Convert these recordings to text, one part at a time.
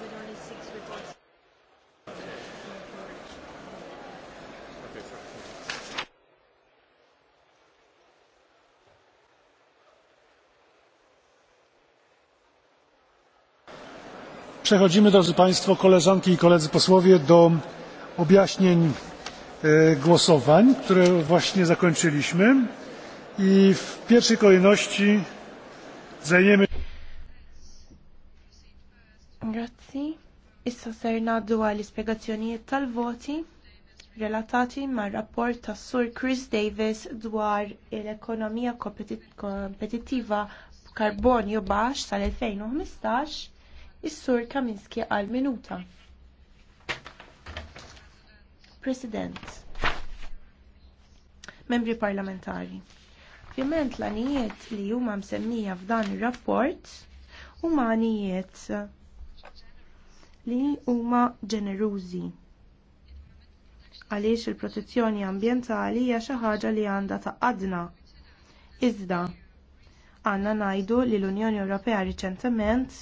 with only six reports. Przechodzimy, drodzy Państwo, koleżanki i koledzy posłowie, do objaśnień e, głosowań, które właśnie zakończyliśmy. I w pierwszej kolejności zajmiemy Issa ser naddu għal ispjegazzjonijiet tal-voti relatati mar rapport tas Sur Chris Davis dwar l-ekonomija kompetittiva karbonju baxx tal-2015, is-Sur Kaminski għal minuta. President, membri parlamentari, fiment l-anijiet li huma msemmija f'dan ir-rapport huma anijiet li huma ġenerużi għaliex il-protezzjoni ambjentali hija xi ħaġa li għandha ta' għadna. Iżda għandna ngħidu li l-Unjoni Ewropea riċentement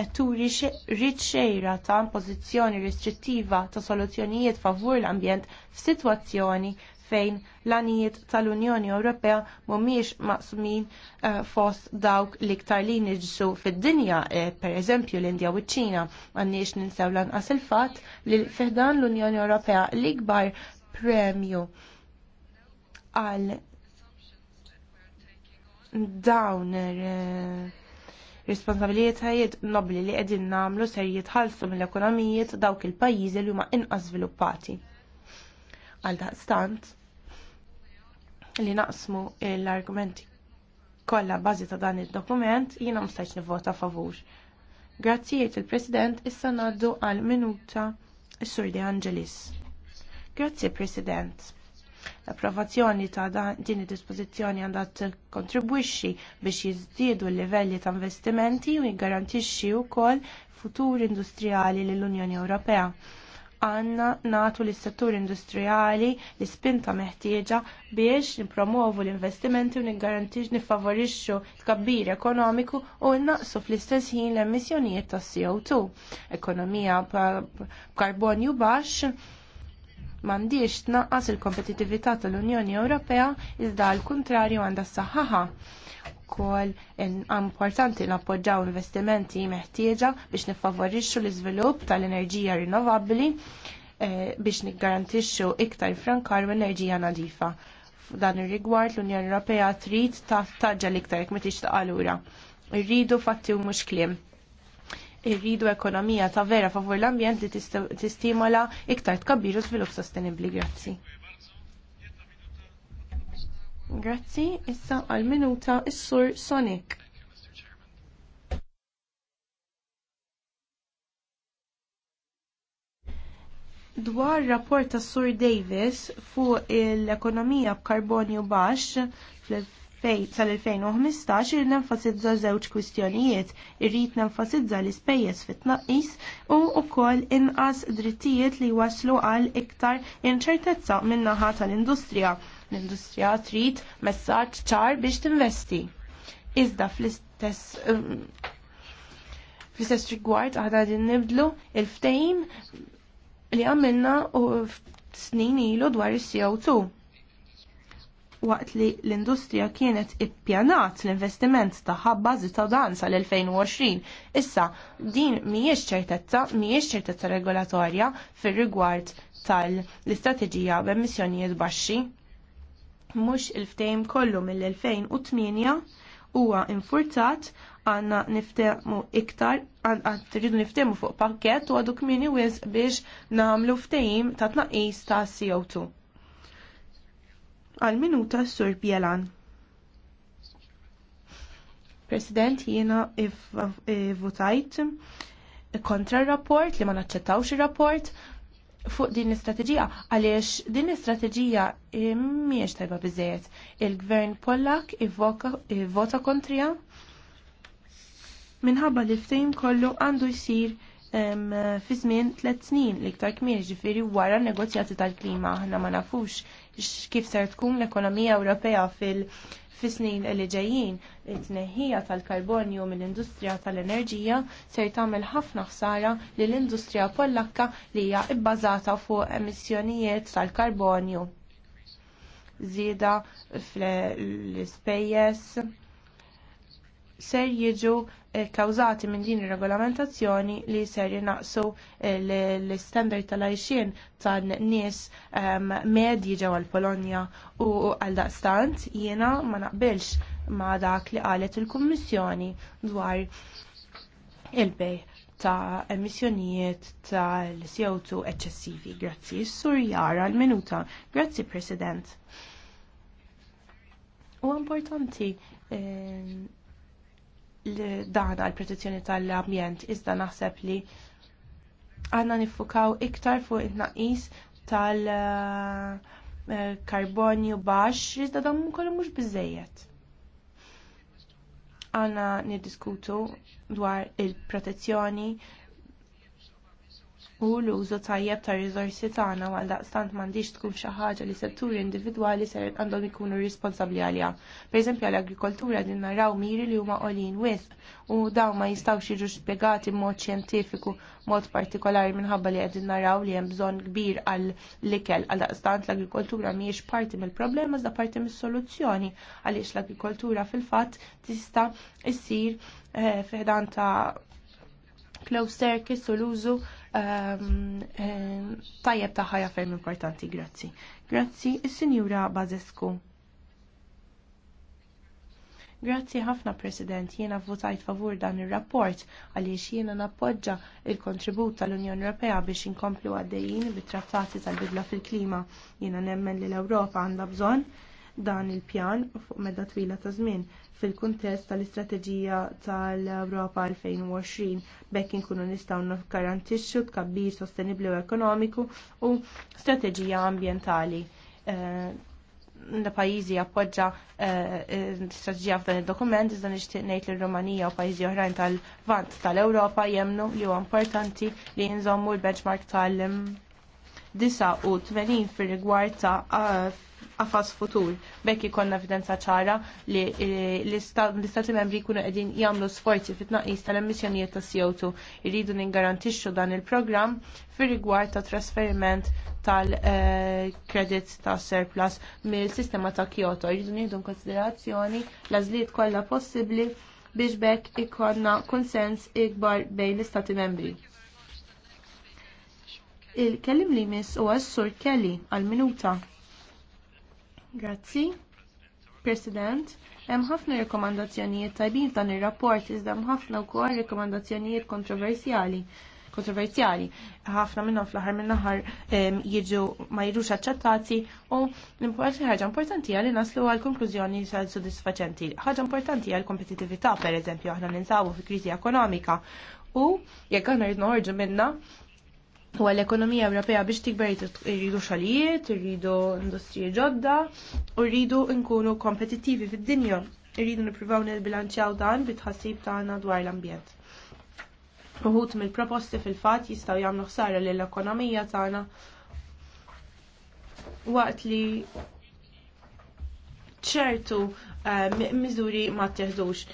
qed turi rrid xejra ta' pożizzjoni restrittiva ta' soluzzjonijiet favur l-ambjent f'sitwazzjoni fejn l-anijiet tal-Unjoni Ewropea mhumiex maqsmin uh, eh, fost dawk l-iktar li nġisu fid-dinja, eh, per eżempju l-Indja u ċ-Ċina, għanniex ninsew lanqas il-fatt li fiħdan l-Unjoni Ewropea l-ikbar premju għal dawn eh, responsabilitajiet nobli li qegħdin nagħmlu ser jitħallsu mill-ekonomijiet dawk il-pajjiżi li huma inqas żviluppati għal daqstant li naqsmu l-argumenti kollha bażi ta' dan id-dokument jiena ma nivvota favur. Grazzi il-President issa ngħaddu għal minuta s-Sur De Angelis. Grazzi President. L-approvazzjoni ta' din id-dispożizzjoni għandha tikkontribwixxi biex jiżdiedu l-livelli ta' investimenti u jiggarantixxi wkoll futur industrijali lill-Unjoni Ewropea għanna natu l settur industrijali li spinta meħtieġa biex nipromovu l-investimenti u niggarantix nifavorixxu kabbir ekonomiku u naqsu fl-istess ħin l-emissjonijiet ta' CO2. Ekonomija b'karbonju baxx m'għandix tnaqqas il-kompetitività tal-Unjoni Ewropea iżda l kuntrarju għandha s-saħħaħa ukoll importanti nappoġġaw investimenti meħtieġa biex niffavorixxu l-iżvilupp tal-enerġija rinnovabbli eh, biex niggarantixxu iktar frankar u enerġija nadifa. F'dan ir-rigward l-Unjoni Ewropea trid taħtaġġa l-iktar jekk metix taqalura. Irridu fatti u mhux kliem. Irridu ekonomija ta' vera favur l-ambjent li tistimola iktar tkabbir u żvilupp sostenibbli. Grazzi. Grazzi, issa għal-minuta is-sur Sonic. Dwar rapport ta' Sur Davis fuq l-ekonomija b'karbonju baxx fl sal-2015 irrid nenfasizza żewġ kwistjonijiet, irrid nenfasizza l-ispejjeż fit-tnaqqis u wkoll inqas drittijiet li waslu għal iktar inċertezza min-naħa tal-industrija. L-industrija trid messaġġ ċar biex tinvesti. Iżda fl-istess ehm, fl-istess rigward aħna din nibdlu il-ftejn li għamilna u snin ilu dwar is co 2 waqt li l-industrija kienet ippjanat l-investiment ta' ħabba' ta' dan sal-2020. Issa, din mhijiex ċertezza, mhijiex ċertezza regolatorja fir-rigward tal-istrateġija b'emissjonijiet baxxi. Mhux il ftejm kollu mill-2008 huwa infurtat għanna niftemu iktar, rridu niftemu fuq pakket u għadu kmini wiz biex namlu ftehim ta' tnaqis ta' CO2 għal minuta s-sur Bjelan. President, jiena votajt kontra r-rapport li ma naċċettawx ir-rapport fuq din l-istrateġija għaliex din l-istrateġija miex tajba bizzejet. Il-gvern Pollak ivvota kontrija minħabba li ftejn kollu għandu jsir fi żmien tliet snin li iktar kmieni ġifieri wara n negozjati tal-klima aħna ma nafux kif ser tkun l-ekonomija Ewropea fil- fis-snin li ġejjin it-tneħħija tal-karbonju mill-industrija tal-enerġija ser tagħmel ħafna ħsara lil industrija Pollakka li hija bbażata fuq emissjonijiet tal-karbonju. Żieda fl-ispejjeż ser jiġu Kawżati minn din ir-regolamentazzjoni li ser jinaqsu l-standard tal-għajxien tan-nies ehm, medji ġewwa l-Polonja u għal daqstant jiena ma naqbilx ma dak li qalet il-Kummissjoni dwar il-bej ta' emissjonijiet tal CO2 eċċessivi. Grazzi, sur jara l-minuta. Grazzi, President. U importanti eh, dana l-protezzjoni tal-ambjent iżda naħseb li għanna nifukaw iktar fuq it-naqis tal-karbonju eh, baxx iżda dan kollu mhux biżejjed. Għanna niddiskutu dwar il-protezzjoni u l-użu tajjeb ta' rizorsi tagħna għal daqstant m'għandix tkun xi ħaġa li setturi individwali ser għandhom ikunu responsabbli għaliha. Pereżempju għall-agrikoltura din naraw miri li huma qolin wisq u dawn ma jistgħux jiġu spjegati b'mod xjentifiku mod partikolari minħabba li qegħdin naraw li hemm bżonn kbir għall-ikel għal daqstant l-agrikoltura mhijiex parti mill-problema iżda parti mis-soluzzjoni għaliex l-agrikoltura fil-fatt tista' issir eh, fiħdan ta' closed circuits u l-użu Ehm, eh, tajjeb ta' ħajja ferm importanti, grazzi. Grazzi, il-Sinjura Bazescu. Grazzi ħafna President, jiena votajt favur dan ir-rapport għaliex jiena nappoġġa il-kontribut tal-Unjoni Ewropea biex inkomplu għaddejjin bit-trattati tal-bidla fil-klima. Jiena nemmen li l-Ewropa għandha bżonn dan il-pjan fuq medda twila ta' żmien fil-kuntest tal-istrateġija tal-Europa 2020 bekk inkunu nistgħu nikkarantixxu tkabbir sostenibbli u ekonomiku u strateġija ambjentali. Pajjiżi eh, pajjiżi appoġġa eh, strateġija f'dan id-dokument iżda nixtieq ngħid li rumanija u pajjiżi oħrajn tal-Vant tal-Ewropa jemnu li huwa importanti li nżommu l-benchmark tal- 89 mm, fir rigward ta' eh, għafas futur. Bekk ikonna evidenza ċara li eh, l-Istati membri jkunu qegħdin jagħmlu sforzi fit-tnaqqis tal-emissjonijiet ta' CO2. Irridu ningarantixxu dan il-programm fir-rigward ta' trasferiment tal-kredit eh, ta' surplus mill-sistema ta' Kyoto. Irridu nieħdu konsiderazzjoni l-għażliet kollha possibbli biex bekk ikonna konsens ikbar bejn l-Istati membri. Il-kellim li miss u għassur Kelly għal-minuta. Grazzi. President, hemm ħafna rekomandazzjonijiet tajbin dan ir-rapport iżda hemm ħafna wkoll rekomandazzjonijiet kontroversjali kontroversjali. ħafna minnhom fl-aħħar min-naħar ehm, jiġu ma jiġux aċċettati u l-importanti ħaġa importanti għal naslu għal konklużjoni sal sodisfaċenti. Ħaġa importanti għal kompetitività pereżempju aħna ninsabu fi kriżi ekonomika u jekk aħna rrid noħorġu minna huwa l-ekonomija Ewropea biex tikber irridu xalijiet, irridu industriji ġodda u rridu nkunu kompetittivi fid-dinja. Irridu nippruvaw nibbilanċjaw dan bit-ħassib tagħna dwar l-ambjent. Uħut mill-proposti fil-fatt jistgħu jagħmlu ħsara l ekonomija tagħna waqt li ċertu eh, miżuri ma teħdux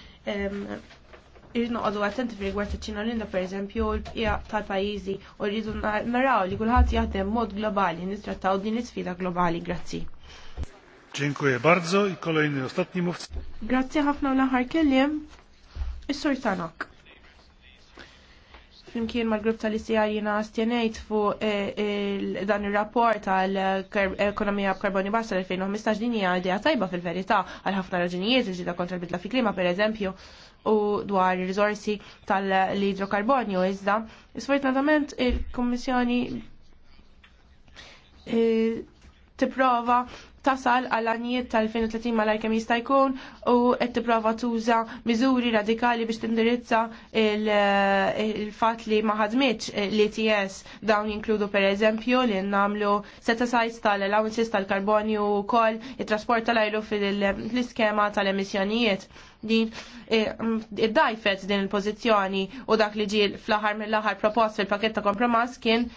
irnoqodu attenti fi rigward iċ-Ċina l-Inda per eżempju l-bqija tal pajizi u rridu naraw li kullħat jaħdem mod globali nittrattaw din l-isfida globali. Grazzi. Dziękuję bardzo i kolejny ostatni mówca. Grazzi ħafna l-aħħar kelliem is-Sur Tanok flimkien ma' grupp tal-ICR jina stjenejt fu eh, dan il-rapport għal eh, ekonomija b'karboni bassa l-2015 din hija idea tajba fil-verità għal ħafna raġunijiet ġida kontra l-bidla fi klima per eżempju u dwar il-rizorsi tal-idrokarbonju iżda. Sfortunatament il-Kommissjoni eh, tipprova tasal għal għanijiet tal-2030 mal kemm jista' jkun u qed tipprova tuża miżuri radikali biex tindirizza eh, il-fatt li ma ħadmitx eh, l-ETS dawn jinkludu pereżempju li nagħmlu set asides tal-allowances tal-karbonju wkoll it-trasport tal-ajru fil-iskema tal-emissjonijiet din eh, id-dajfet din il-pożizzjoni u dak li ġie fl-aħħar mill-aħħar propost fil-pakett ta' kompromass kien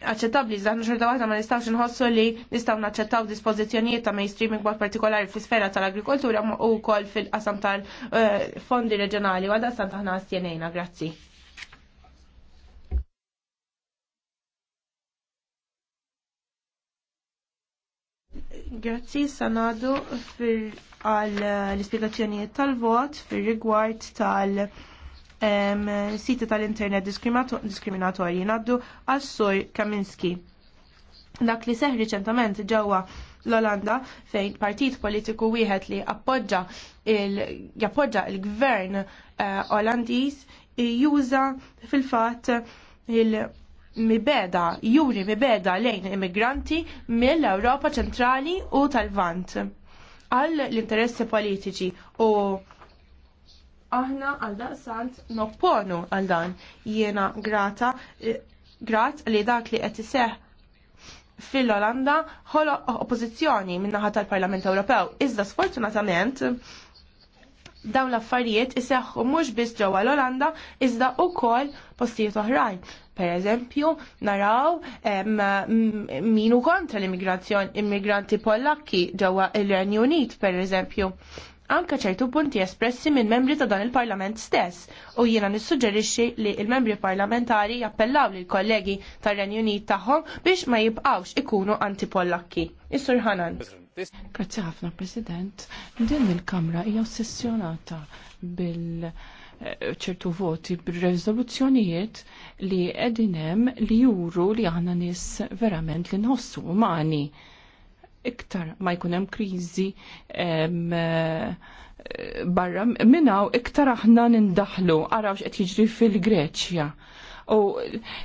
aċċettabbli iżda xorta waħda ma nistgħux inħossu li nistgħu naċċettaw dispożizzjonijiet ta' mainstreaming b'mod partikolari fl-isfera tal-agrikoltura u wkoll fil-qasam tal-fondi eh, reġjonali u għadha stant aħna stjenejna, grazzi. Grazzi sanadu fil għal l-ispiegazzjonijiet tal-vot fil-rigward tal-, -vot, rigward tal siti tal-internet diskriminatorji naddu għas-sur Kaminski. Dak li seħ riċentament ġewwa l-Olanda fejn partit politiku wieħed li appoġġa jappoġġa il-gvern eh, Olandiż juża fil-fatt il mibeda, juri mibeda lejn immigranti mill-Ewropa ċentrali u tal-Vant għall l-interessi politiċi u aħna għal daqsant nopponu għal dan. Jiena grata, eh, grat li dak li qed iseħ fil-Olanda ħolo oppożizzjoni min-naħa tal-Parlament Ewropew. Iżda sfortunatament dawn l-affarijiet iseħħu mhux biss ġewwa l-Olanda iżda wkoll postijiet oħrajn. Per eżempju, naraw minu kontra l-immigranti Pollakki ġewwa il-Renju Unit, per eżempju anka ċertu punti espressi minn membri ta' dan il-Parlament stess u jiena nissuġġerixxi li il-membri parlamentari jappellaw lil kollegi tar-Renju Unit tagħhom biex ma jibqawx ikunu antipollakki. Is-Sur Hanan. Grazzi ħafna President. Din il-Kamra hija ossessjonata bil eh, ċertu voti b'rezoluzzjonijiet rezoluzzjonijiet li hemm li juru li aħna nies verament li nħossu umani iktar ma jkun hemm kriżi eh, barra minnaw iktar aħna nindaħlu għaraw x'qed jiġri fil-Greċja u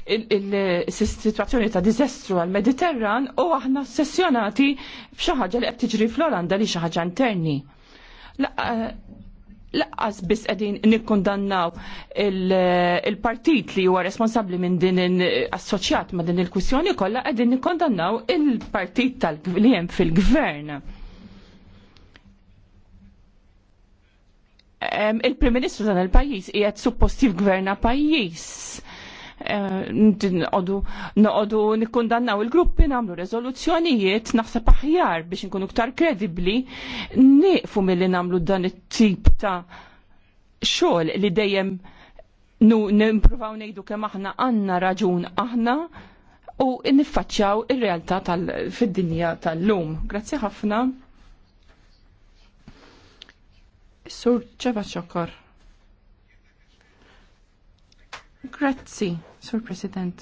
il-situazzjoni ta' dizestru għal-Mediterran u aħna sessjonati b'xi ħaġa li qed tiġri fl-Olanda li xi ħaġa interni eh, laqqas biss qegħdin nikkondannaw il-partit li huwa responsabbli minn din assoċjat ma' din il-kwistjoni kollha qegħdin nikkondannaw il-partit tal-li hemm fil-gvern. il-Prim Ministru dan il-pajjiż qiegħed suppost jivgverna pajjiż noqogħdu nikkundannaw il-gruppi nagħmlu rezoluzzjonijiet naħseb aħjar biex nkunu ktar kredibbli nieqfu milli nagħmlu dan it-tip ta' xogħol li dejjem n-improvaw ngħidu kemm aħna għandna raġun aħna u niffaċċjaw ir-realtà fid-dinja tal-lum. Grazzi ħafna. Sur ċeva ċokor. Grazzi, Sur President.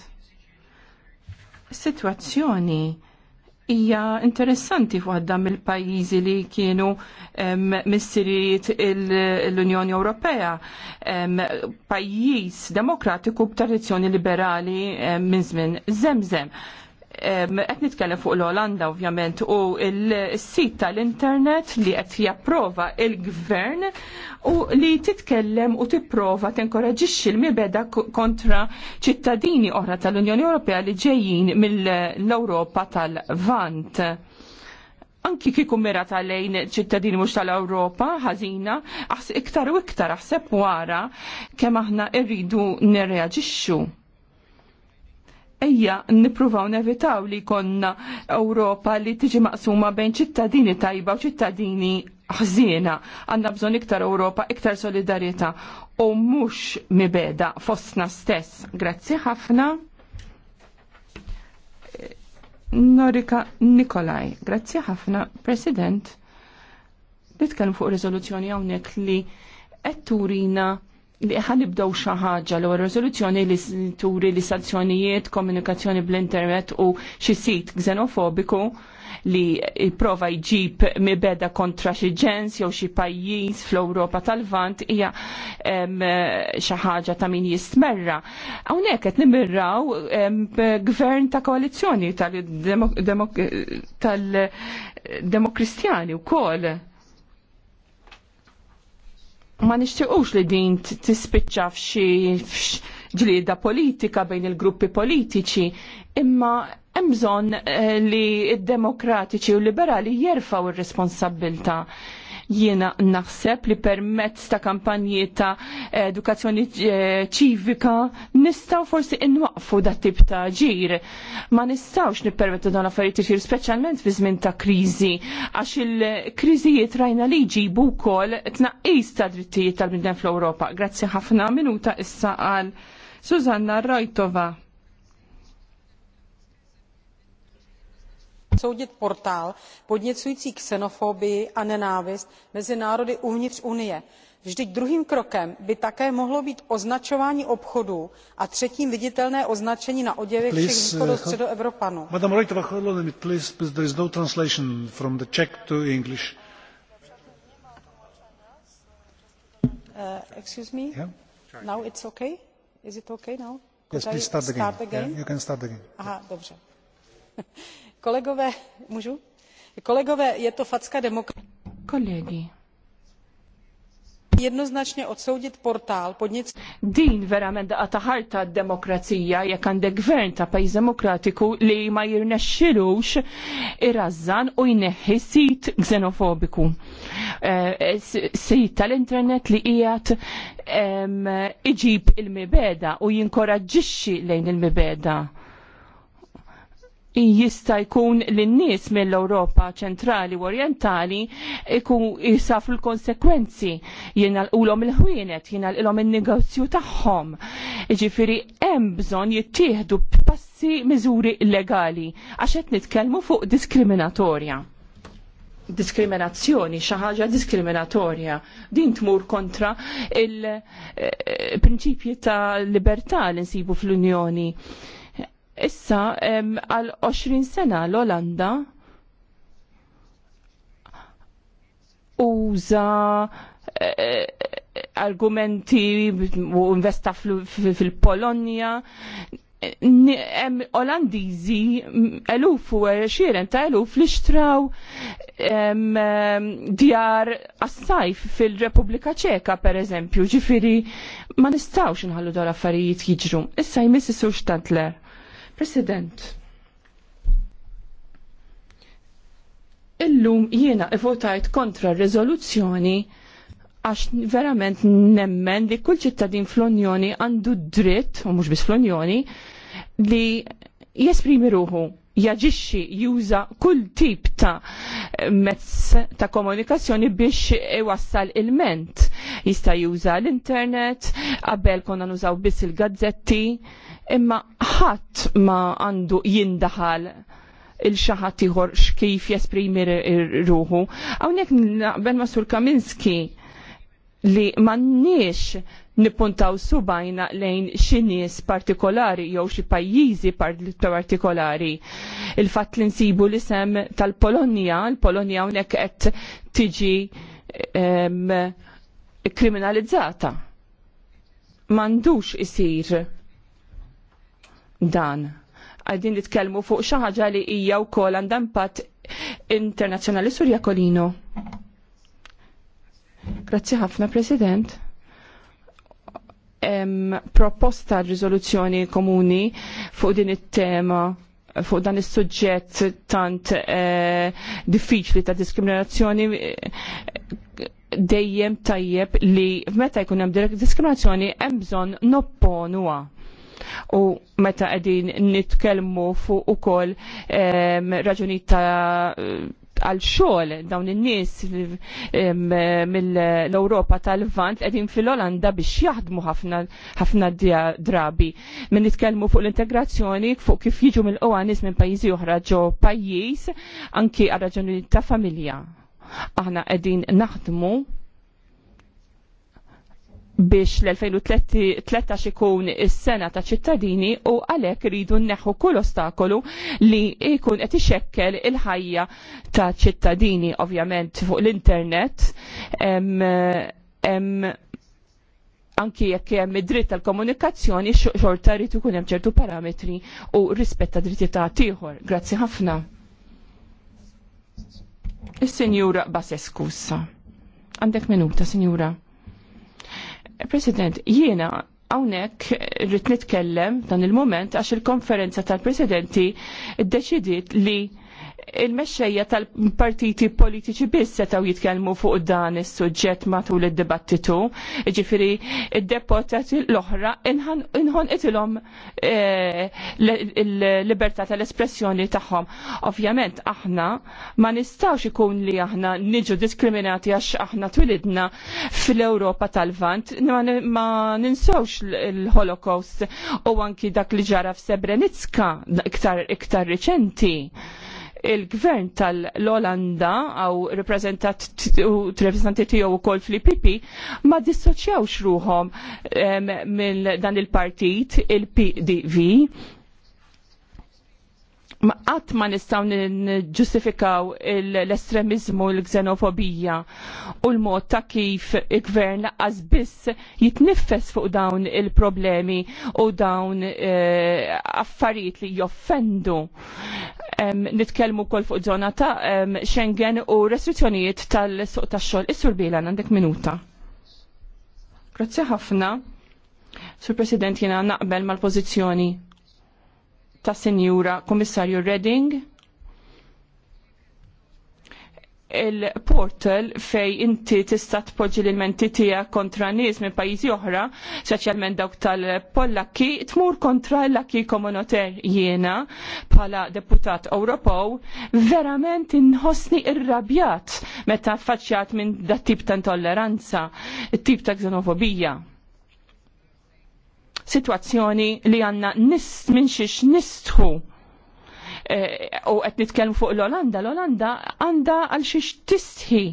Situazzjoni hija interessanti waħda mill-pajjiżi li kienu missirijiet l-Unjoni Ewropea. Pajjiż demokratiku b'tradizzjoni liberali minn żmien żemżem qed nitkellem fuq l-Olanda ovvjament u l-sit tal-internet li qed japprova il-gvern u li titkellem u tipprova tinkoraġixxi l-mibeda kontra ċittadini oħra tal-Unjoni Ewropea li ġejjin mill-Ewropa tal-Vant anki kiku mira tal-lejn ċittadini mux tal-Europa, ħazina, iktar u iktar, aħseb wara, kem aħna irridu nirreagġixxu ejja nipruvaw nevitaw li konna Ewropa li tiġi maqsuma bejn ċittadini tajba u ċittadini ħżiena. Għanna bżon iktar Ewropa, iktar solidarieta u mux mibeda fostna stess. Grazzi ħafna. Norika Nikolaj, grazzi ħafna, President. Nitkellem fuq rezoluzzjoni hawnhekk li qed turina li ħanibdow xi ħaġa l riżoluzzjoni li turi li sanzjonijiet, komunikazzjoni bl-internet u xi sit xenofobiku li prova jġib mibeda kontra xi ġens jew xi pajjiż fl-Ewropa tal-Vant hija xi ħaġa ta' min jistmerra. Hawnhekk qed nimirraw gvern ta' koalizzjoni tal-Demokristjani tal wkoll ma nixtiequx li din tispiċċa f'xi ġlieda politika bejn il-gruppi politiċi, imma hemm bżonn eh, li d-demokratiċi u liberali jerfaw ir-responsabbilta Jiena naħseb li permezz ta' kampanji ta' edukazzjoni eh, ċivika nistaw forsi inwaqfu dat tip ta' ġir. Ma nistawx nippermettu dan affarijiet ixir, speċjalment fi żmien ta' kriżi għax il-kriżijiet rajna li jġibu wkoll tnaqqis ta' drittijiet tal-bniedem fl-Ewropa. Grazzi ħafna minuta issa għal Susanna Rojtova. odsoudit portál podněcující xenofobii a nenávist mezi národy uvnitř unie. vždyť druhým krokem by také mohlo být označování obchodů a třetím viditelné označení na oděvech všech eh, východo středoevropanů. Uh, dobře. Jednoznačně odsoudit portál podnic... Din verament daqa ta' ħarta d-demokrazija jekk għandek gvern ta' pajjiż demokratiku li ma jirnexxilux irrażżan u jneħħi sit xenofobiku. Eh, sit tal-internet li qiegħed iġib il-mibeda u jinkoraġġixxi lejn il-mibeda jista' jkun lin-nies mill-Ewropa ċentrali u orientali ikun jisafru l-konsekwenzi jingħalqulhom il-ħwienet, jingħalqilhom in-negozju tagħhom. Jiġifieri hemm bżonn jittieħdu passi miżuri legali għax qed nitkellmu fuq diskriminatorja. Diskriminazzjoni, xi ħaġa diskriminatorja. Din tmur kontra il-prinċipji eh, eh, ta' libertà li nsibu fl-Unjoni Issa għal 20 sena l-Olanda uża e, e, argumenti u investa fil-Polonja Olandiżi eluf u xiren ta' eluf li xtraw djar assajf fil-Repubblika Ċeka, per eżempju, ġifiri ma nistawx nħallu dal affarijiet jiġru. Issa jmissi is-sur President, illum jiena votajt kontra r-rezoluzzjoni għax verament nemmen li kull ċittadin fl-Unjoni għandu dritt, u mhux biss fl-Unjoni, li jesprimi ruħu jaġixxi juża kull tip ta' mezz ta' komunikazzjoni biex iwassal il-ment. Jista' juża l-internet, qabel konna nużaw biss il-gazzetti, imma ħadd ma għandu jindaħal il-xaħat iħor xkif jesprimi ruħu. Għawnek naqbel ma' Sur Kaminski li mannix nippuntaw subajna lejn xi nies partikolari jew xi pajjiżi partikolari. Il-fatt li nsibu l-isem tal-Polonja, l-Polonja hawnhekk qed tiġi kriminalizzata. M'għandux isir dan. Għadin nitkellmu fuq xi ħaġa li hija wkoll għandha impatt internazzjonali Surja Kolino. Grazzi ħafna, President proposta riżoluzzjoni komuni fuq din it-tema fuq dan is-suġġett tant eh, diffiċli ta' diskriminazzjoni eh, dejjem tajjeb li meta jkun hemm diskriminazzjoni hemm bżonn nopponuha. U meta qegħdin nitkellmu fuq ukoll eh, raġunijiet ta' għal xogħol dawn in-nies mill-Ewropa tal-Vant qegħdin fil-Olanda biex jaħdmu ħafna ħafna drabi. Min nitkellmu fuq l-integrazzjoni fuq kif jiġu mill-qwa nies minn pajjiżi oħra ġo pajjiż anki għal raġuni ta' familja. Aħna qegħdin naħdmu biex l-2013 ikun is-sena ta' ċittadini u għalhekk ridu nneħħu kull ostakolu li jkun qed ixekkel il-ħajja ta' ċittadini ovvjament fuq l-internet anki jekk hemm id-dritt tal-komunikazzjoni xorta rrid ikun hemm ċertu parametri u rispett dritti ta' tieħor. Grazzi ħafna. Is-Sinjura Basescusa. Għandek minuta, Sinjura. President, jiena għawnek rrit nitkellem dan il-moment għax il-konferenza tal-presidenti id-deċidiet li il-mexxejja tal-partiti politiċi biss setgħu jitkellmu fuq dan is-suġġett matul id-dibattitu, jiġifieri id-deputati l-oħra inħon itilhom eh, il libertà tal-espressjoni tagħhom. Ovvjament aħna ma nistgħux ikun li aħna niġu diskriminati għax aħna twilidna fl-Ewropa tal-Vant, ma ninsawx l-Holocaust u anki dak li ġara f'Sebrenitska iktar iktar riċenti il-gvern tal-Olanda għaw reprezentanti tiegħu kol fl-IPP ma dissoċjawx ruhom minn dan il-partit il-PDV qatt ma nistgħu niġġustifikaw l-estremizmu l xenofobija u l-mod ta' kif il-gvern laqqas biss jitniffes fuq dawn il-problemi u dawn eh, affarijiet li joffendu. Nitkellmu wkoll fuq żona ta' Schengen u restrizzjonijiet tal-suq tax-xogħol. Is-sur Bilan għandek minuta. Grazzi ħafna. Sur President jiena naqbel mal-pożizzjoni ta' Sinjura Komissarju Redding il-portal fej inti tista' tpoġġi l-menti tiegħek kontra nies minn pajjiżi oħra, speċjalment dawk tal-Pollakki, tmur kontra l-Lakki Komunoter jiena bħala deputat Ewropew, verament inħossni irrabjat meta ffaċċjat minn dat tip ta' intolleranza, tip ta' xenofobija situazzjoni li għanna nis minn xiex nistħu e, u qed nitkellmu fuq l-Olanda, l-Olanda għandha għal xiex tistħi.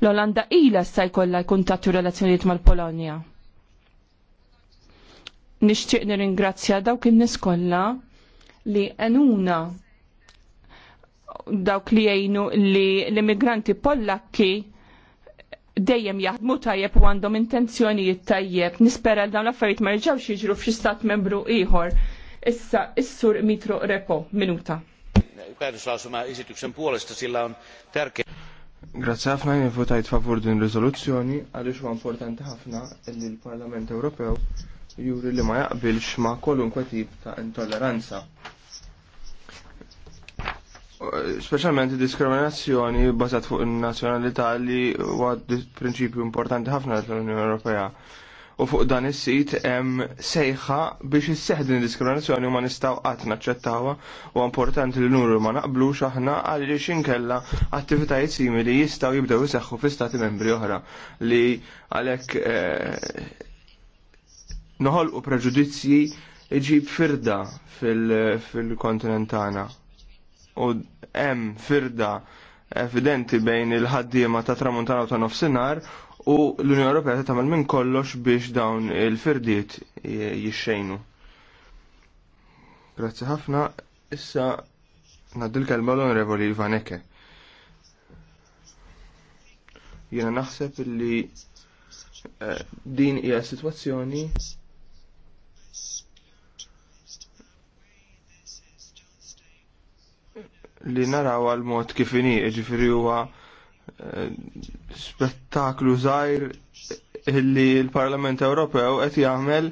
L-Olanda ila sta jkollha kuntattu relazzjonijiet mal-Polonja. Nixtieq nirringrazzja dawk in-nies kollha li għenuna dawk li jgħinu li l-immigranti pollakki dejjem jaħdmu tajjeb u għandhom intenzjonijiet tajjeb. Nispera l-dawn l-affarijiet ma jirġawx jiġru f'xi stat membru ieħor. Issa issur Mitro Repo, minuta. Grazie ħafna jien votajt favur din riżoluzzjoni għaliex huwa importanti ħafna li l-Parlament Ewropew juri li ma jaqbilx ma' kolunkwe tip ta' intolleranza speċjalment diskriminazzjoni bazat fuq in-nazzjonalità li huwa prinċipju importanti ħafna tal-Unjoni Ewropea. U fuq dan is-sit hemm sejħa biex isseħħ din diskriminazzjoni u ma nistgħu qatt naċċettawha u importanti li nuru ma naqblux aħna għaliex inkella attivitajiet simili jistgħu jibdew iseħħu fl-istati membri oħra li għalhekk eh, noħolqu preġudizzji iġib firda fil-kontinent tagħna hemm firda evidenti bejn il-ħaddiema ta' tramuntana ta' nofsinhar u l-Unjoni Ewropea ta' tagħmel minn kollox biex dawn il-firdiet jixxejnu. Grazzi ħafna, issa naddu l-kelma l-Onorevoli Ivaneke. Jena naħseb li eh, din hija situazzjoni li naraw għal mod kif inhi, jiġifieri huwa eh, spettaklu żgħir li l-Parlament Ewropew qed jagħmel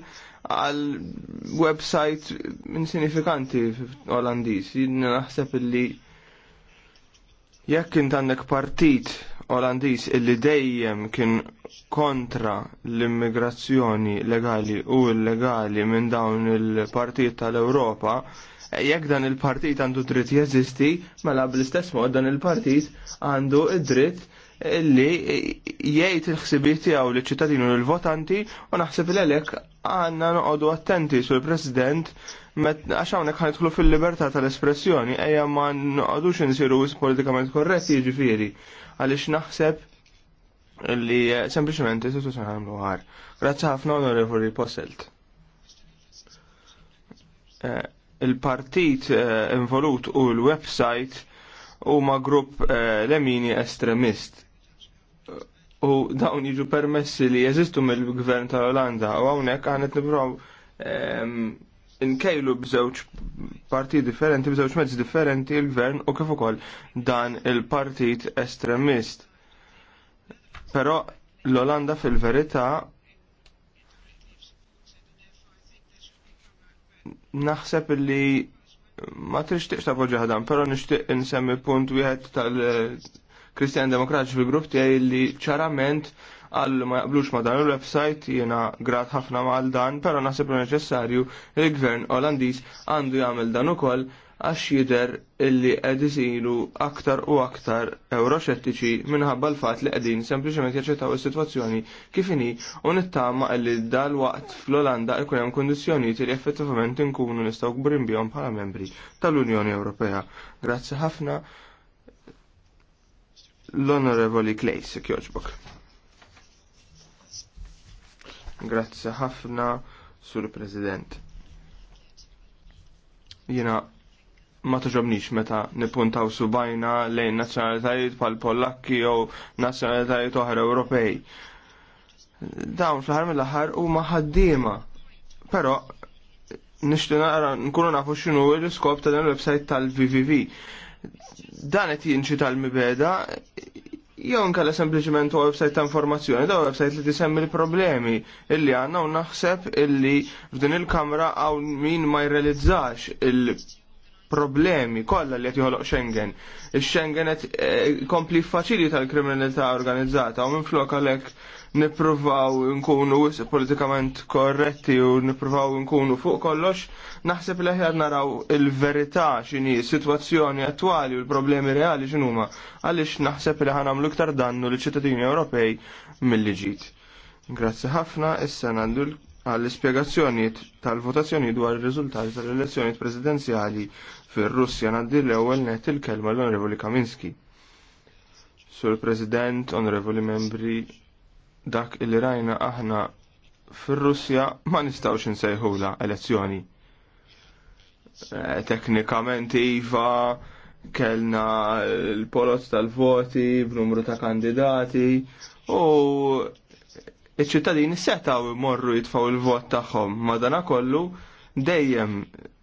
għal website insinifikanti Olandiż. Jidna naħseb li jekk int għandek partit Olandiż illi dejjem kien kontra l-immigrazzjoni legali u illegali minn dawn il-partijiet tal-Ewropa, jekk dan il-partit għandu dritt jeżisti, mela bl-istess mod dan il-partit għandu id-dritt li jgħid il-ħsibiet tiegħu liċ-ċittadini ċittadinu l-votanti u naħseb l-elek għandna noqogħdu attenti sul president għax hawnhekk ħanidħlu fil-libertà tal-espressjoni ejja ma noqogħdux insiru politikament korretti jiġifieri għaliex naħseb li eh, sempliciment se nagħmlu ħar. Grazzi ħafna onorevoli Posselt. Eh, il-partit eh, involut u l-website u ma grupp eh, lemini estremist. U dawn jiġu permessi li jeżistu mill-gvern tal-Olanda u hawnhekk għanet nibraw ehm, nkejlu bżewġ parti differenti, bżewġ mezz differenti il-gvern u kif ukoll dan il-partit estremist. Però l-Olanda fil-verità naħseb li ma trixtiqx ta' poġġa ħadam, pero nixtieq insemmi punt wieħed tal-Kristjan Demokratiċi fil-grupp tiegħi li ċarament għal ma jaqblux ma dan il-website jiena grat ħafna ma' dan, pero naħseb li neċessarju il-gvern Olandiż għandu jagħmel dan ukoll għax jider illi qed isiru aktar u aktar euroxettiċi minħabba l-fatt li qegħdin sempliċement jaċċettaw is-sitwazzjoni kif inhi u nittama illi dal-waqt fl-Olanda ikun hemm kundizzjonijiet li effettivament inkunu nistgħu kburin bihom bħala membri tal-Unjoni Ewropea. Grazzi ħafna l-Onorevoli Klejs Kjoġbok. Grazzi ħafna, Sur President. Jina ma toġobnix meta nipuntaw subajna lejn nazzjonalitajiet pal pollakki jew nazzjonalitajiet oħra Ewropej. Dawn fl-ħar mill-aħħar huma ħaddiema. Però nixtu naqra nkunu nafu x'inhu l-iskop ta' dan il-website tal-VVV. Dan qed jinċi tal-mibeda jew nkella sempliċement huwa website ta' informazzjoni, da website li tisemmi l-problemi illi għandna u naħseb illi f'din il-kamra hawn min ma jrealizzax il problemi kollha li qed joħloq Schengen. Ix-Schengen qed eh, kompli faċili tal kriminalità organizzata u minflok għalhekk nippruvaw nkunu politikament korretti u nippruvaw nkunu fuq kollox, naħseb li ħjar naraw il-verità x'inhi s-sitwazzjoni attwali u l-problemi reali x'inhuma għaliex naħseb li nagħmlu iktar dannu liċ ċittadini Ewropej milli ġid. Grazzi ħafna, issa nandu l għall-ispiegazzjoni tal-votazzjoni dwar ir-riżultati tal-elezzjoni presidenzjali fir-Russja naddi l-ewwel net il-kelma l-Onorevoli Kaminski. Sur President, Onorevoli Membri, dak il rajna aħna fir-Russja ma nistgħux insejħula elezzjoni. Eh, teknikament iva, kellna l-polot tal-voti, b'numru ta' kandidati, u iċ-ċittadini setaw imorru jitfaw il-vot tagħhom. dana kollu dejjem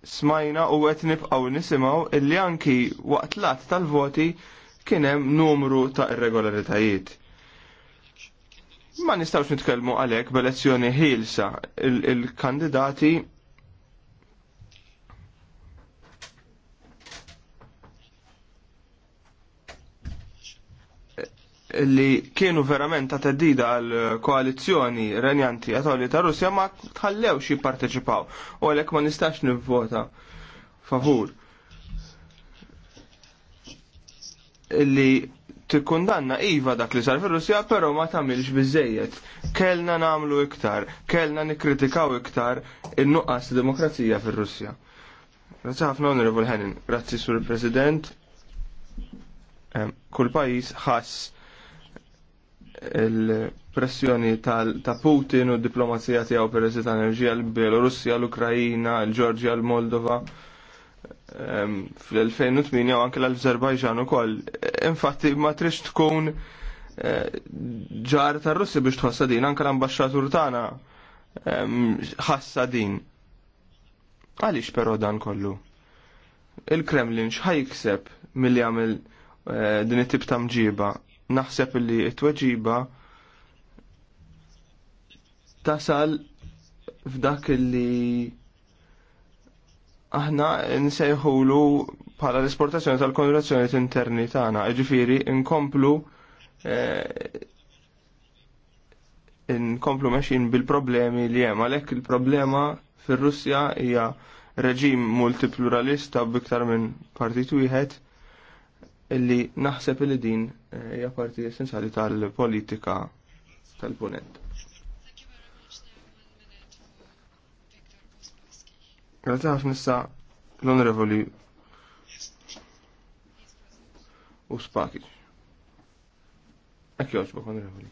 smajna u qed nibqgħu nisimgħu illi anki waqt lat tal-voti kien hemm numru ta' irregolaritajiet. Ma nistgħux nitkellmu għalhekk b'elezzjoni ħielsa il-kandidati il kandidati li kienu verament ta' teddida għal koalizjoni renjanti għatolli ta' Russja ma xie jipparteċipaw u għalek ma nistax nivvota favur li tikkundanna iva dak li sar fil russja però ma tagħmilx biżejjed. Kellna nagħmlu iktar, kellna nikkritikaw iktar in-nuqqas demokrazija fir-Russja. Grazzi ħafna onorevole Henin, grazzi Sur President. Kull pajjiż ħass il-pressjoni ta' Putin u d-diplomazija tiegħu pereżi ta' enerġija l-Belorussja, l-Ukrajina, l-Ġorġja, l-Moldova fl-2008 u anke l-Azerbajġan ukoll. Infatti ma trix tkun eh, ġar tar Russi biex tħossa din, anke l-ambasċatur tagħna ħassa din. Għaliex però dan kollu? Il-Kremlin x'ħajkseb milli jagħmel eh, din it-tip ta' mġiba naħseb li t-tweġiba tasal f'dak li aħna nsejħulu bħala l-esportazzjoni tal-konverazzjoni interni tagħna, ġifieri nkomplu eh, nkomplu mexin bil-problemi li hemm għalhekk il-problema fir-Russja hija reġim multipluralista b'iktar minn partit wieħed illi naħseb li din hija parti essenzjali tal-politika tal-punent. Grazie għaf nissa l-onorevoli u spaki. Ekki oġbok, onorevoli.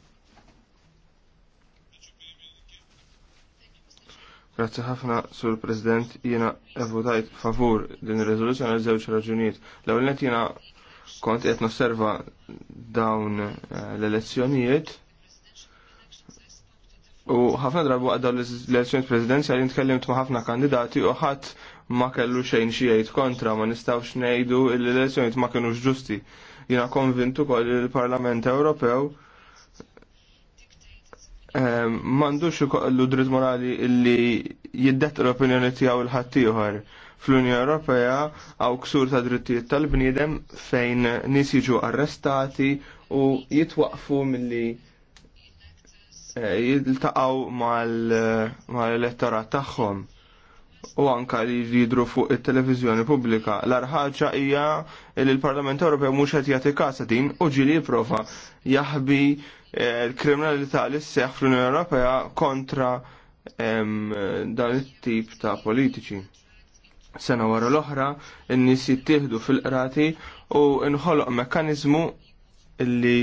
Grazie ħafna, Sur President, jiena evvotajt favur din rezoluzjoni għal żewġ raġunijiet. l għolnet jena kont qed nosserva dawn eh, l-elezzjonijiet u ħafna drabu għadda l-elezzjonijiet prezidenzjali nitkellimt ma' ħafna kandidati u ħadd ma kellu xejn xi jgħid kontra ma nistgħux ngħidu l-elezzjonijiet ma kinux ġusti. Jiena konvintu kol il-Parlament Ewropew eh, m'għandux ikollu dritt morali illi jiddett l-opinjoni tiegħu l-ħaddieħor fl-Unjoni Ewropea għaw ksur ta' drittijiet tal-bniedem fejn nies jiġu arrestati u jitwaqfu milli eh, jiltaqgħu mal-elettorat tagħhom u anka li jidru fuq it-televiżjoni pubblika. L-arħaġa hija li l-Parlament Ewropew mhux qed jagħti kasa din u ġili jipprova jaħbi eh, l-kriminalità li sseħħ fl-Unjoni Ewropea kontra dan it-tip ta' politiċi sena wara l-oħra, n-nis jittieħdu fil-qrati u nħoloq mekkaniżmu li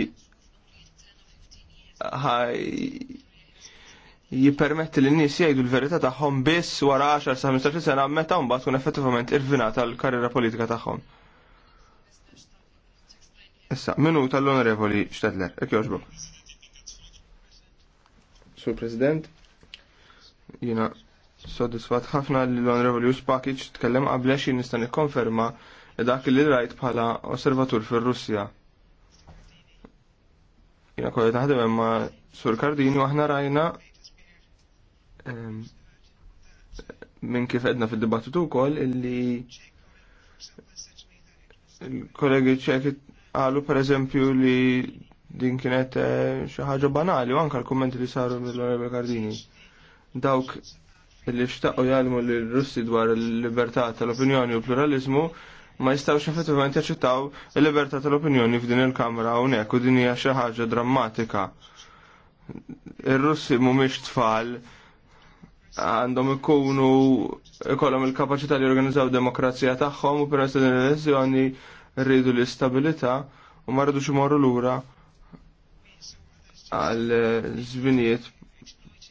jipermetti li n-nis jgħidu l-verità tagħhom biss wara 10 sa 15 sena meta mbagħad tkun effettivament irvinata l-karriera politika tagħhom. Issa, minu tal-onorevoli Stedler, ek joġbok. Sur President, jina Sodisfat ħafna li l-Honorable Jus Pakic tkellem qablex jien nista' nikkonferma dak li rajt bħala osservatur fir-Russja. Jiena kolli taħdem imma Sur Kardini u aħna rajna minn kif edna fil-dibattitu wkoll illi il-kollegi għalu qalu pereżempju li din kienet eh, xi ħaġa banali u anka l-kummenti li saru mill-Onorevole Kardini. Dawk li xtaqgħu jgħalmu li russi dwar il-libertà tal-opinjoni u pluralizmu ma jistawx effettivament jaċċettaw il-libertà tal-opinjoni f'din il-Kamra hawnhekk u din hija xi ħaġa drammatika. Ir-Russi mhumiex tfal għandhom ikunu ikollhom il-kapaċità li jorganizzaw demokrazija tagħhom u peress din l-elezzjoni rridu l-istabilità u ma imorru lura għal żvinijiet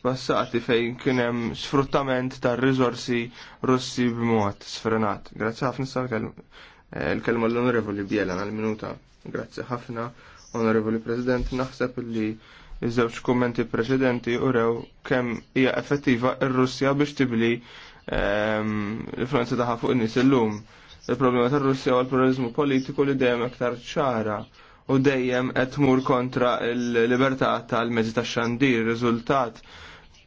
passati fejn kien hemm sfruttament tar-riżorsi Russi b'mod sfrenat. Grazzi ħafna sa eh, l-kelma l-Onorevoli Bjela għal-minuta. Grazzi ħafna, Onorevoli President, naħseb li iż-żewġ kummenti preċedenti urew kemm hija effettiva r-Russja biex tibli ehm, l-influenza tagħha fuq in-nies illum. Il-problema tar-Russja għal l-pluralizmu politiku li dejjem aktar ċara u dejjem qed tmur kontra l-libertà tal-mezzi tax-xandir, riżultat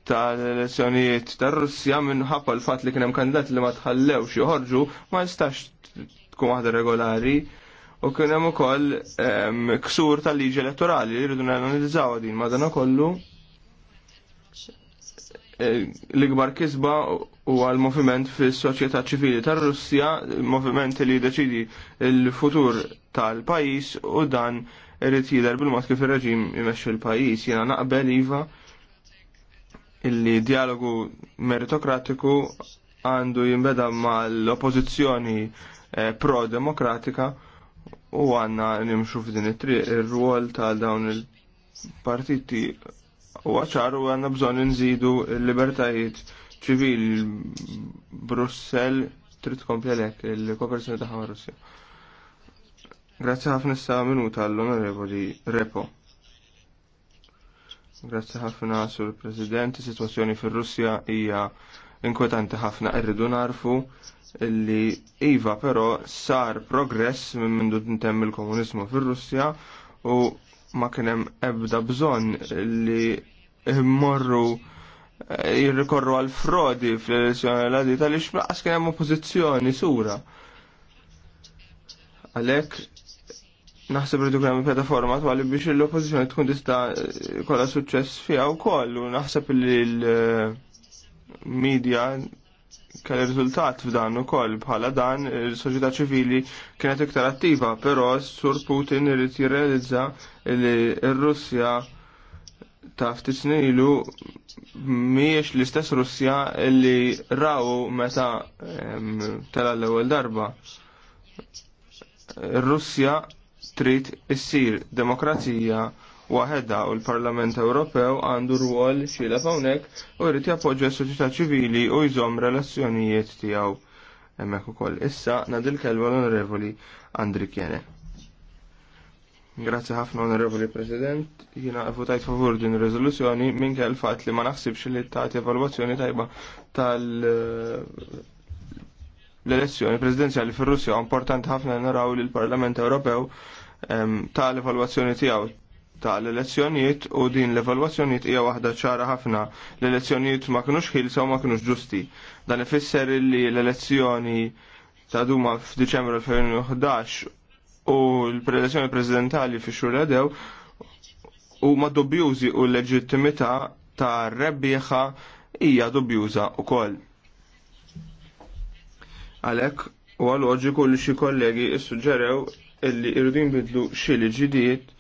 tal-elezzjonijiet tar russja minħabba l-fat li kienem kandidat li ma tħallew joħorġu ma jistax tkun waħda regolari u kienem ukoll ksur tal-liġi elettorali li rridu nanalizzaw din dana kollu e, l-ikbar kisba u għal moviment fi soċjetà ċivili tar russja moviment li deċidi l-futur tal-pajis u dan rrit jidher bil-mod kif ir-reġim imexxi l-pajis. Jiena naqbel iva illi dialogu meritokratiku għandu jimbeda mal-oppozizjoni eh, pro-demokratika u għanna nimxu f'din it-triq ir-rwol ta' dawn il-partiti u u għanna bżon nżidu l-libertajiet ċivili Brussel trid tkompli għalhekk il-kooperazzjoni ta' Russja. Grazzi ħafna sa' minuta l-onorevoli Repo. Grazzi ħafna sur President, situazzjoni fir-Russja hija inkwetanti ħafna irridu narfu li iva però sar progress minn mindu intemm il-komunizmu fir-Russja u ma kien hemm ebda bżonn li mmorru eh, jirrikorru għal frodi fl-elezzjoni l-għadita li xmaqas kien hemm oppożizzjoni sura. Għalhekk naħseb il-programmi pjattaforma twali biex l-oppozizjoni tkun tista' kollha suċċess fiha wkoll u naħseb li l-medja kell riżultat f'dan ukoll bħala dan il-soċjetà ċivili kienet iktar attiva, però Sur Putin irid jirrealizza li r-Russja ta' ftit snin ilu mhijiex l-istess Russja li raw meta tela l-ewwel darba. Russja trid issir demokrazija waħedha u l-Parlament Ewropew għandu rwol xilaf hawnhekk u jrid jappoġġja s-soċjetà ċivili u jżomm relazzjonijiet tiegħu. Hemmhekk ukoll issa nadil kelma l-Onorevoli Andrikjene. Grazzi ħafna Onorevoli President, jiena votajt favur din riżoluzzjoni minkejja fatt li ma naħsibx li tagħti evalwazzjoni tajba tal l-elezzjoni prezidenziali fir-Russja importanti ħafna naraw li l-Parlament Ewropew ta' l-evalwazzjoni tiegħu ta' l-elezzjonijiet u din l-evalwazzjonijiet hija waħda ċara ħafna. L-elezzjonijiet ma kinux ħilsa u ma kinux ġusti. Dan ifisser li l-elezzjoni ta' Duma f'Diċembru 2011 u l-elezzjoni prezidentali fi xhur edew u ma dubjużi u l-leġittimità ta' rebbieħa hija dubjuża wkoll. Għalek u għal-loġiku li xi kollegi suġġerew illi irridu jinbidlu xi ġidiet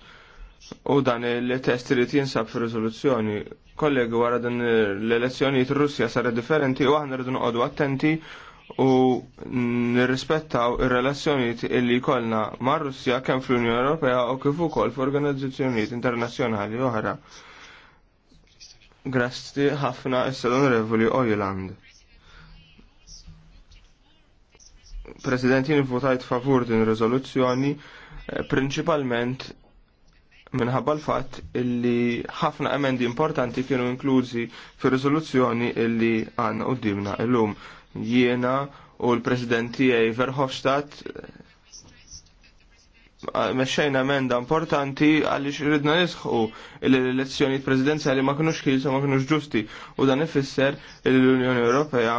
u dan il-test li jinsab fi rizoluzzjoni. Kollegi wara dan l-elezzjonijiet ir-Russja sarra differenti u aħna rridu noqogħdu attenti u nirrispettaw ir-relazzjonijiet illi jkollna mar Russja kemm fl-Unjoni Ewropea u kif ukoll f'organizzazzjonijiet internazzjonali oħra. Grasti ħafna issa l-Onorevoli Ojuland. President, jien votajt favur din riżoluzzjoni eh, prinċipalment minħabba l-fatt illi ħafna emendi importanti kienu inklużi fir riżoluzzjoni illi għanna u dimna illum. Jiena u l-President tiegħi Verhofstadt eh, meċċajna emenda importanti għaliex xridna nisħu l-elezzjoni presidenziali ma kinux kilsa ma kienux ġusti u dan ifisser l-Unjoni Ewropea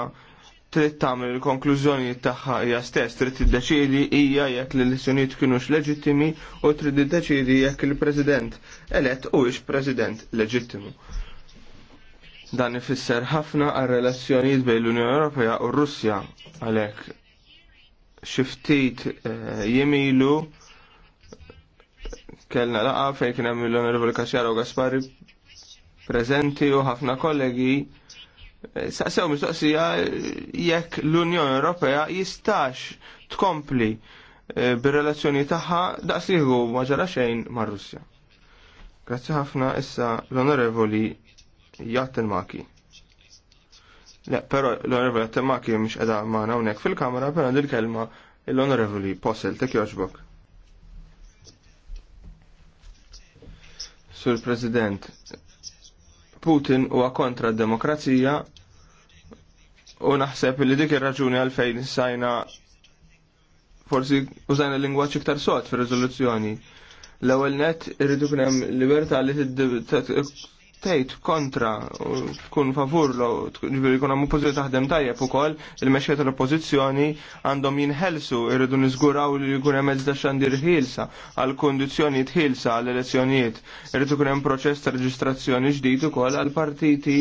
trid tagħmel il-konklużjoni tagħha hija stess trid tiddeċiedi hija jekk l-elezzjonijiet kienux leġittimi u trid tiddeċiedi jekk il-President elett huwiex President leġittimu. Dan ifisser ħafna għar relazzjonijiet bejn l-Unjoni Ewropea u r-Russja għalhekk xi ftit eh, jimilu. kellna laqa fejn kien hemm l-Onorevoli Kaxjaro Gaspari preżenti u ħafna kollegi Saqsew mistoqsija jekk l-Unjoni Ewropea jistax tkompli e, bir-relazzjoni tagħha daqsliħu ma ġara xejn mar-Russja. Grazzi ħafna issa l-Onorevoli Jatten Le, però l-Onorevoli Jatten Maki mhix qiegħda magħna hawnhekk fil-kamera, però il kelma l-Onorevoli Posel tek joġbok. Sur President, Putin huwa kontra d-demokrazija u naħseb li dik ir-raġuni għalfejn sajna forsi użajna lingwaġġ iktar sod fir-riżoluzzjoni. L-ewwel net irridu kien hemm libertà li Tejt kontra u tkun favur lo ġifieri jkun hemm pozizjoni taħdem tajjeb ukoll il-mexxija tal-oppożizzjoni għandhom jinħelsu irridu niżguraw li jkun hemm eżda xandir ħielsa għal kundizzjonijiet tħilsa għal elezzjonijiet. Irid ikun hemm proċess ta' reġistrazzjoni ġdid ukoll għal partiti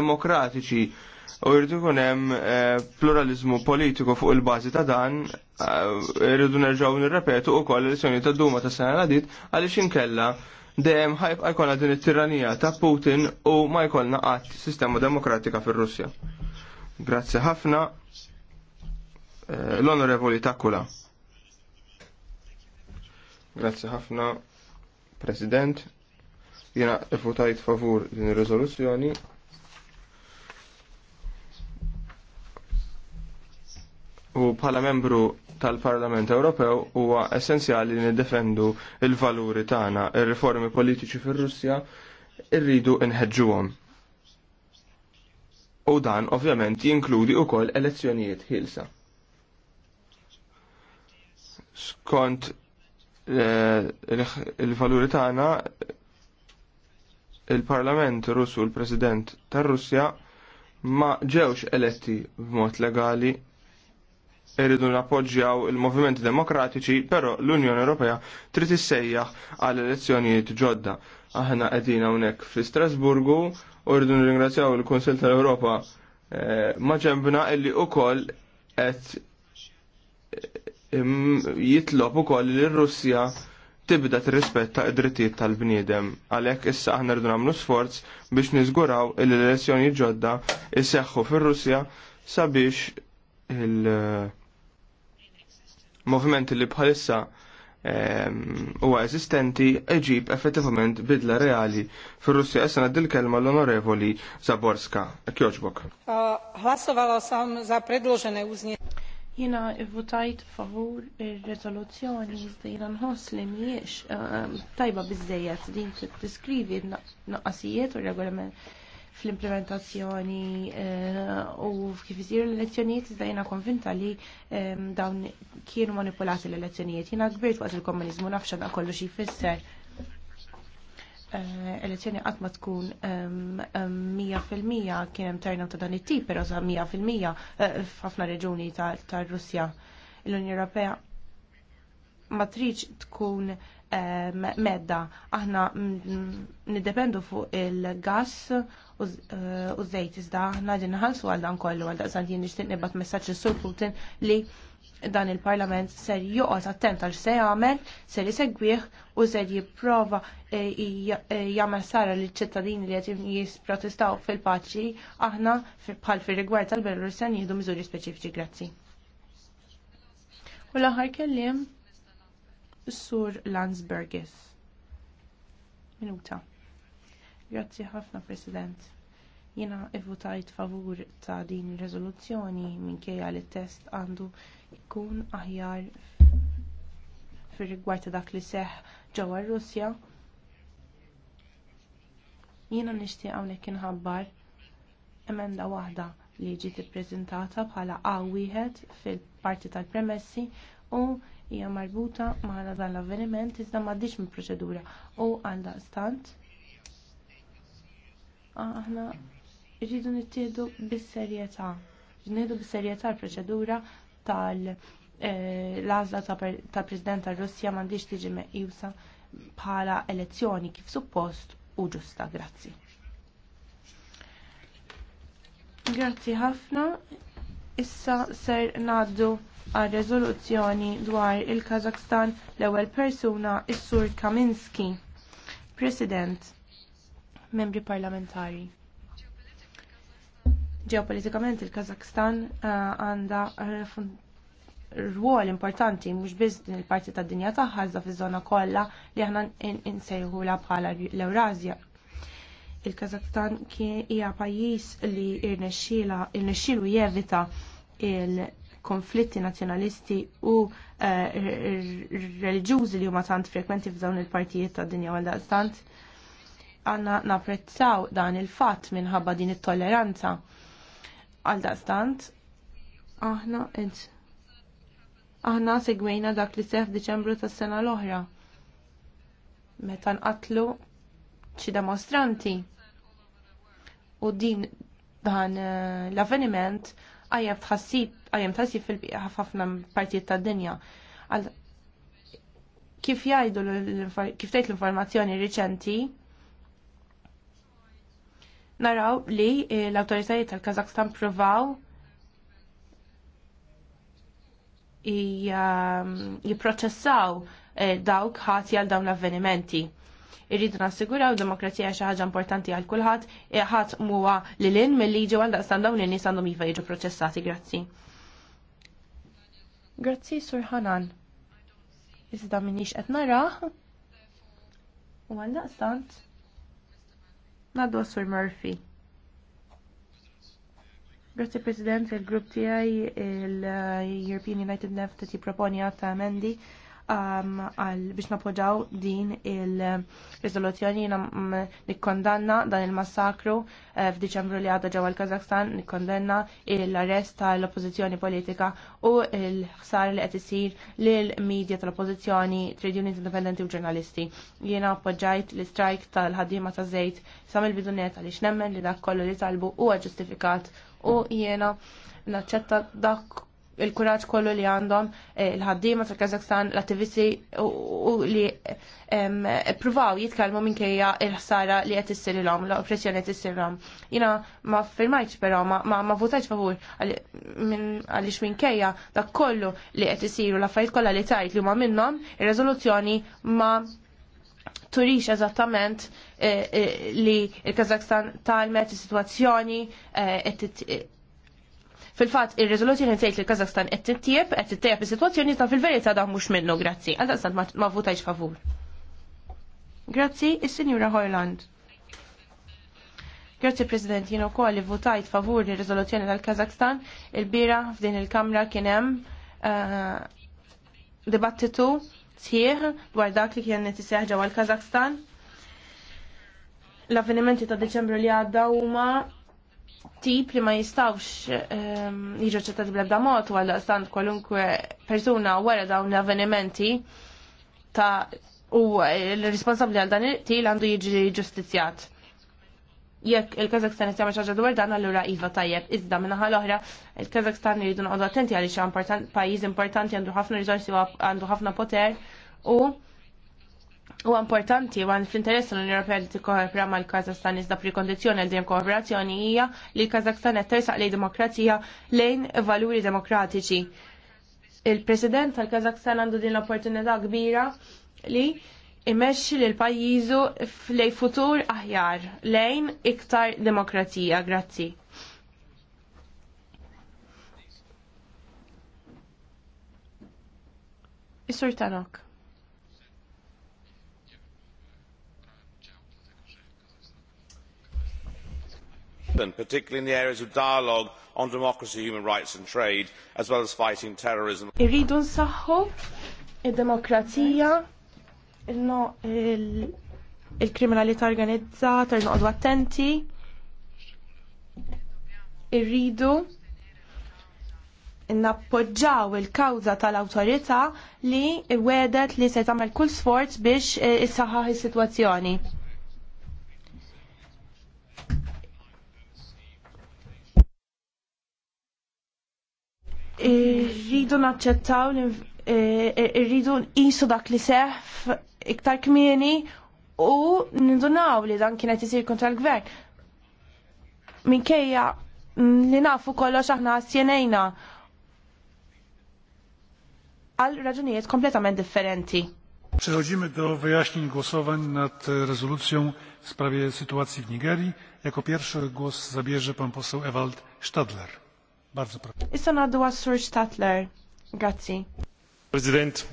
demokratiċi u jirdu hemm eh, pluralizmu politiku fuq il-bazi ta' dan, eh, irridu nerġaw nirrepetu u kol l-elezzjoni ta' Duma ta' sena għadit għalix inkella dejjem ħajbqa' jkollna din it-tiranija ta' Putin u ma jkollna qatt sistema demokratika fir-Russja. Grazzi ħafna eh, l-Onorevoli Takula. Grazzi ħafna, President. Jena votajt favur din ir-riżoluzzjoni u bħala membru tal-Parlament Ewropew huwa essenzjali li niddefendu il-valuri tagħna, ir-riformi politiċi fir-Russja irridu nħeġġuhom. U dan ovvjament jinkludi wkoll elezzjonijiet ħilsa. Skont eh, il-valuri tagħna il-Parlament Russu l-President tar-Russja ma ġewx eletti b'mod legali irridu nappoġġjaw il-movimenti demokratiċi, però l-Unjoni Ewropea trid issejjaħ għal elezzjonijiet ġodda. Aħna qegħdin hawnhekk fi Strasburgu u rridu nirringrazzjaw il-Kunsill tal-Ewropa eh, ma ġembna illi ukoll qed eh, jitlob ukoll li r-Russja tibda tirrispetta id-drittijiet tal-bniedem. Għalhekk issa aħna rridu nagħmlu sforz biex niżguraw il-elezzjoni ġodda isseħħu fir-Russja sabiex il- Movimenti li bħalissa ehm, huwa eżistenti eġib effettivament bidla reali fil russja issa dil kelma l-Onorevoli Zaborska. Kjoġbok. Ħlassovala sam za predložene uznje. Jina votajt favur il-rezoluzzjoni iżda jina nħoss li miex ehm, tajba bizzejet din tiskrivi naqqasijiet u regolament fl-implementazzjoni eh, u kif isiru l-elezzjonijiet iżda jiena konvinta li dawn kienu manipulati l-elezzjonijiet. Jiena kbirt waqt il-komuniżmu nafx da kollu xie jfisser eh, elezzjoni qatt ma tkun 100% kien hemm turnout ta' dan it-tip, però sa 100% eh, f'ħafna reġuni tar-Russja. L-Unjoni Ewropea ma triċ tkun eh, medda. Aħna nidependu fuq il-gas u zejt eh, iżda aħna din ħalsu għal dan kollu għal daqsan jien nixtieq nibgħat messaġġ sur Putin li dan il-Parlament ser joqgħod attent għal se jagħmel, ser isegwih u ser jipprova eh, jagħmel sara liċ ċittadini li qed jisprotestaw fil-paċi aħna bħal fir-rigward tal-Belarusjan jieħdu miżuri speċifiċi. Grazzi. U l-aħħar kelliem Sur Landsbergis. Minuta. Grazzi ħafna, President. Jiena evvotajt favur ta' din ir rezoluzzjoni minkejja li t test għandu jkun aħjar fir rigward ta' dak li seħħ ġewwa r Russja. Jiena nixtieq hawnhekk inħabbar emenda waħda li ġiet ippreżentata bħala A wieħed fil-parti tal-premessi u hija marbuta maħna dan l-avveniment iżda m'għaddix mill proċedura u għal stant aħna rridu nittieħdu bis-serjetà. Nieħdu bis-serjetà l-proċedura tal eh, għażla tal-President tar-Russja m'għandix tiġi meqjusa bħala elezzjoni kif suppost u ġusta. Grazzi. Grazzi ħafna. Issa ser ngħaddu għal rezoluzzjoni dwar il-Kazakstan l-ewwel persuna is-Sur Kaminski. President, membri parlamentari. Ġeopolitikament il-Kazakstan eh, għandha eh, rwol importanti mhux biss din il-parti tad-dinja tagħha iżda fiż-żona kollha li aħna insejħula bħala l ewrażja Il-Kazakstan hija pajjiż li rnexxielu jevita il konflitti nazzjonalisti u reliġjużi li huma tant frekwenti f'dawn il-partijiet tad dinja għal daqstant għanna napprezzaw dan il-fatt minħabba din it-tolleranza. Għal daqstant, aħna id aħna segwejna dak li seħ f'Diċembru tas-sena l-oħra. Meta nqatlu xi demonstranti U din dan l-avveniment għajja tħassib għajem tassi fil ħafna partijiet ta' dinja. Kif jajdu kif tajt l-informazzjoni riċenti, naraw li l-autoritajiet tal-Kazakstan provaw um, jiproċessaw eh, dawk ħati għal dawn l-avvenimenti. Irridu nassiguraw demokrazija xi ħaġa importanti għal kulħadd, eh, ħadd huwa lilin mill-liġi għal daqstan dawn in-nies għandhom jiva jiġu proċessati. Grazzi. Grazzi, Sur Hanan. Iżda minix qed naraħ. U għaldaqstant. Naddu Sur Murphy. Grazzi President, il-grupp tijaj, il-European United Left ti proponi għatta amendi biex napoġaw din il-rizoluzzjoni jina mm, nikkondanna dan il-massakru eh, f'Diċembru li għadda ġewwa l-Kazakstan nikkondanna l-arrest tal-oppożizzjoni politika u l-ħsar li qed isir lil media tal-oppożizzjoni, trade unions independenti u ġurnalisti. Jiena appoġġajt l-istrajk tal-ħaddiema ta' żejt sam il-bidunet għaliex nemmen li dak kollu li talbu huwa ġustifikat u jiena naċċetta dak il-kuraġġ kollu li għandhom eh, il-ħaddiema fil-Kazakstan, l-attivisti u li pruvaw jitkellmu minkejja il-ħsara li qed issirilhom, l-oppressjoni qed issir Jiena ma firmajtx però ma votajtx favur għaliex minkejja dak kollu li qed isiru l-affarijiet kollha li tajt li huma minnhom, ir-reżoluzzjoni ma turix eżattament eh, eh, li il-Kazakstan talmet is-sitwazzjoni Fil-fatt, ir-riżoluzzjoni nsejt li Kazakstan qed tittieb, qed tittieb is-sitwazzjoni ta' fil-verità dan mhux minnu, grazzi. Għal ma votajx favur. Grazzi, is-Sinjura Hoyland. Grazzi President, jien ukoll votajt favur ir-riżoluzzjoni tal-Kazakstan il-bira f'din il-Kamra kien hemm eh, dibattitu sħiħ dwar dak li kien tiseħ ġewwa l-Kazakstan. L-avvenimenti ta' Deċembru li għadda huma tip li ma jistawx ehm, jiġu ċettati bl-ebda mot għalla stand kwalunkwe persuna wara dawn l-avvenimenti ta' u l-responsabli għal dan il-til għandu jiġi ġustizjat. Jekk il-Kazakstan jistgħu xaġa dwar dan allura iva tajjeb, iżda minna naħa l-oħra il-Kazakstan jridu noqgħod attenti għaliex pajjiż importanti għandu ħafna riżorsi u għandu ħafna poter u U importanti, għan fl-interess l-Unjoni Ewropea li tikkoopera mal-Kazastan iżda prikondizjoni għal din kooperazzjoni hija li l kazakstan qed tersaq lejn demokrazija lejn valuri demokratiċi. Il-President tal kazakstan għandu din l-opportunità kbira li imexxi lil pajjiżu lejn futur aħjar lejn iktar demokrazija. Grazzi. Is-Sur Tanok. strengthened particularly in the areas of dialogue on democracy human rights and trade as well as fighting terrorism. Irridu nsaħħu id-demokrazija il-kriminalità organizzata, il attenti. Irridu nappoġġaw il-kawza tal-awtorità li wedet li se tagħmel kull sforz biex eh, issaħħaħ is-sitwazzjoni. Irridu naċċettaw, eh, eh, irridu nqisu dak li seħ iktar kmieni u nindunaw li dan kienet jisir kontra l-gvern. Minkejja mm, li nafu kollox aħna sjenejna għal raġunijiet kompletament differenti. Przechodzimy do wyjaśnień głosowań nad rezolucją w sprawie sytuacji w Nigerii. Jako pierwszy głos zabierze pan poseł Ewald Stadler. Bardzo proszę. Issa naddu għas-Sur Statler. Grazzi. President,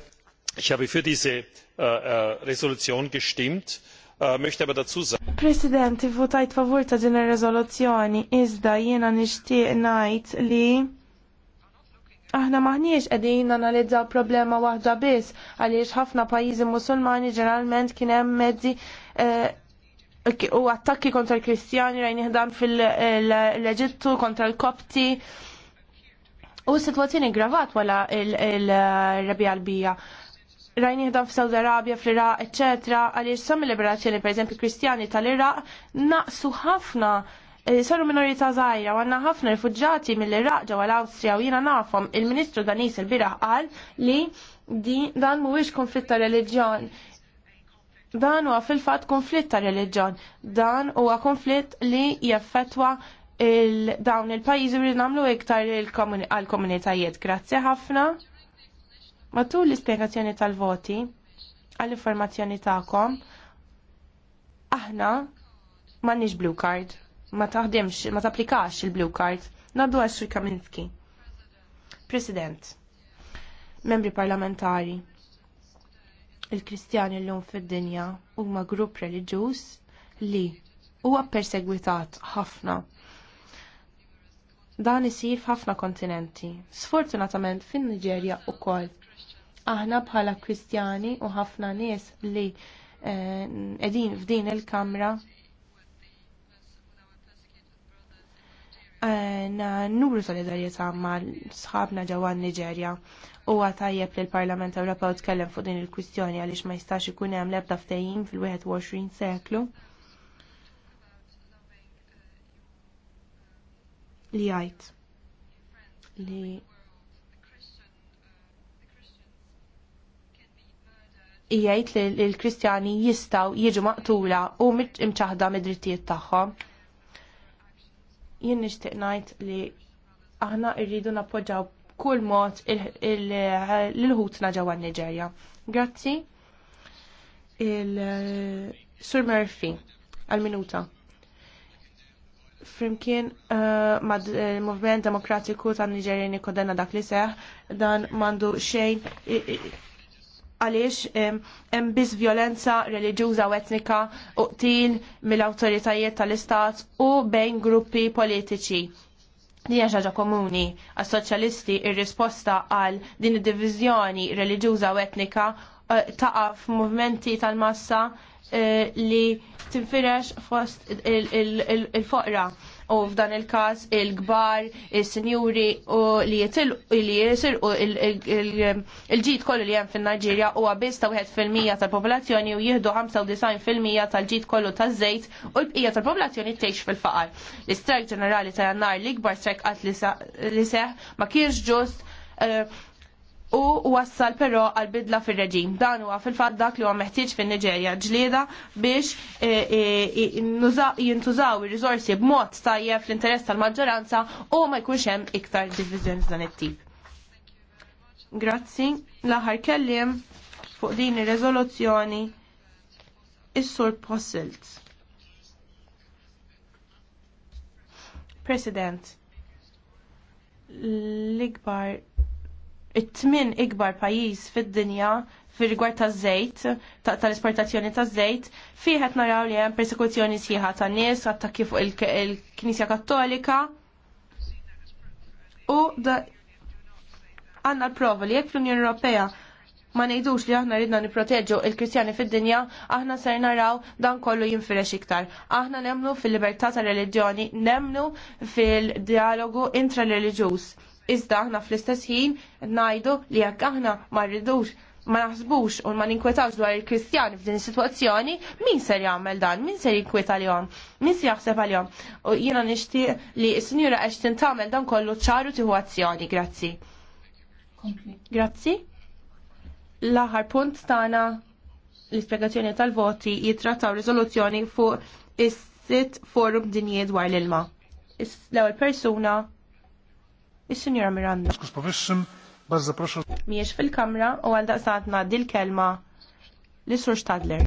ich habe für diese uh, uh, Resolution gestimmt. Uh, möchte aber dazu sagen. President, votajt favur ta' din ir-riżoluzzjoni iżda jiena nixtieq ngħid li aħna maħniex qegħdin analizzaw problema waħda biss għaliex ħafna pajjiżi musulmani ġeneralment kien hemm mezzi uh, u attakki kontra l-Kristjani rajn dan fil-Eġittu eh, kontra l-Kopti. U s-situazzjoni gravat wala il-rabija għalbija. Rajni ħdan f'Saudi Arabia, fl-Iraq, etc. għaliex sam il-liberazzjoni, per eżempju, kristjani tal-Iraq, naqsu ħafna eh, saru minorita zaħira, għanna ħafna rifugġati mill-Iraq ġaw għal-Austria, u jiena nafhom il-Ministru Danis il-biraħ qal li dan mhuwiex konflitt ta' reliġjon. Dan huwa fil-fatt konflitt ta' reliġjon. Dan huwa konflitt li jaffetwa il-dawn il-pajizi li namlu iktar għal-komunitajiet. Grazzi ħafna. Matul l-ispiegazzjoni tal-voti, għall-informazzjoni ta'kom, aħna m'għandniex blue card. Ma taħdimx, ma tapplikax il-blue card. Naddu għaxri Kaminski. President, membri parlamentari, il-Kristjani l-lum fid-dinja huma grupp reliġjuż li huwa perseguitat ħafna Dan isir f'ħafna kontinenti. Sfortunatament fin-Niġerja wkoll Aħna bħala Kristjani u ħafna nies li qegħdin eh, f'din il-kamra nuru solidarjetà mal sħabna ġewwa n-Niġerja. Huwa tajjeb li l-Parlament Ewropew tkellem fuq din il-kwistjoni għaliex ma jistax ikun hemm l-ebda ftehim fil-21 seklu. li jgħid li jajt li l-Kristjani jistaw jiġu maqtula u imċaħda mid-drittijiet tagħhom. Jien nixtieq ngħid li aħna rridu nappoġġaw kull mod il-ħutna ġewwa Niġerja. Grazzi. Il-Sur Murphy għal-minuta flimkien uh, mad il-Movement eh, Demokratiku tan Niġerjani kodenna dak li seħ dan mandu xejn għaliex hemm biss violenza reliġjuża u etnika u qtil mill-awtoritajiet tal-istat u bejn gruppi politiċi. Din hija ħaġa komuni għas-soċjalisti ir-risposta għal din id-diviżjoni reliġjuża u etnika eh, taqa' f'movimenti tal-massa Eh, li tinfirex fost il-foqra u f'dan il-kas il-gbar, il-senjuri u li jitil u li jisir u il-ġit kollu li jem fil-Nigeria u għabiz ta' 1% tal-popolazzjoni u jihdu 95% tal-ġit kollu tal żejt u l-bqija tal-popolazzjoni t-teċ fil-faqar. L-istrajk ġenerali ta' jannar li gbar strajk għat li seħ ma kienx ġust eh, u wassal però għal bidla fir reġim Dan huwa fil-fatt dak li huwa meħtieġ fin-Niġerja ġlieda biex e, e, jintużaw ir-riżorsi b'mod tajjeb fl-interess tal-maġġoranza u ma jkunx hemm iktar diviżjoni dan it-tip. Grazzi, l-aħħar kellim fuq din ir-riżoluzzjoni is-Sur Possilt. President, l-ikbar it-tmin ikbar pajjiż fid-dinja fir rigward taż żejt, tal-esportazzjoni taż żejt, fihet naraw li hemm persekuzzjoni sħiħa ta' nies, attakki fuq il-Knisja Kattolika. U għandna l-prova li jekk fl-Unjoni Ewropea ma ngħidux li aħna ridna nipproteġġu il-Kristjani fid-dinja, aħna ser naraw dan kollu jinfirex iktar. Aħna nemnu fil-libertà tal reliġjoni, nemnu fil-dialogu intra-reliġjuż Iżda aħna fl-istess ħin ngħidu li jekk aħna ma rridux ma naħsbux u ma ninkwetawx dwar il-Kristjani f'din is-sitwazzjoni, min ser jagħmel dan? Min ser jinkweta lihom? Min ser jaħseb għalihom? U jiena nixtieq li s-Sinjura għax tagħmel dan kollu ċaru tieħu azzjoni, grazzi. Grazzi. L-aħħar punt tagħna l-ispjegazzjoni tal-voti jitrattaw riżoluzzjoni fuq is-sit forum dinji dwar l-ilma. L-ewwel persuna Is-Sinjora Miranda. Skus Miex fil-kamra u għalda daqsat dil l-kelma li sur Stadler.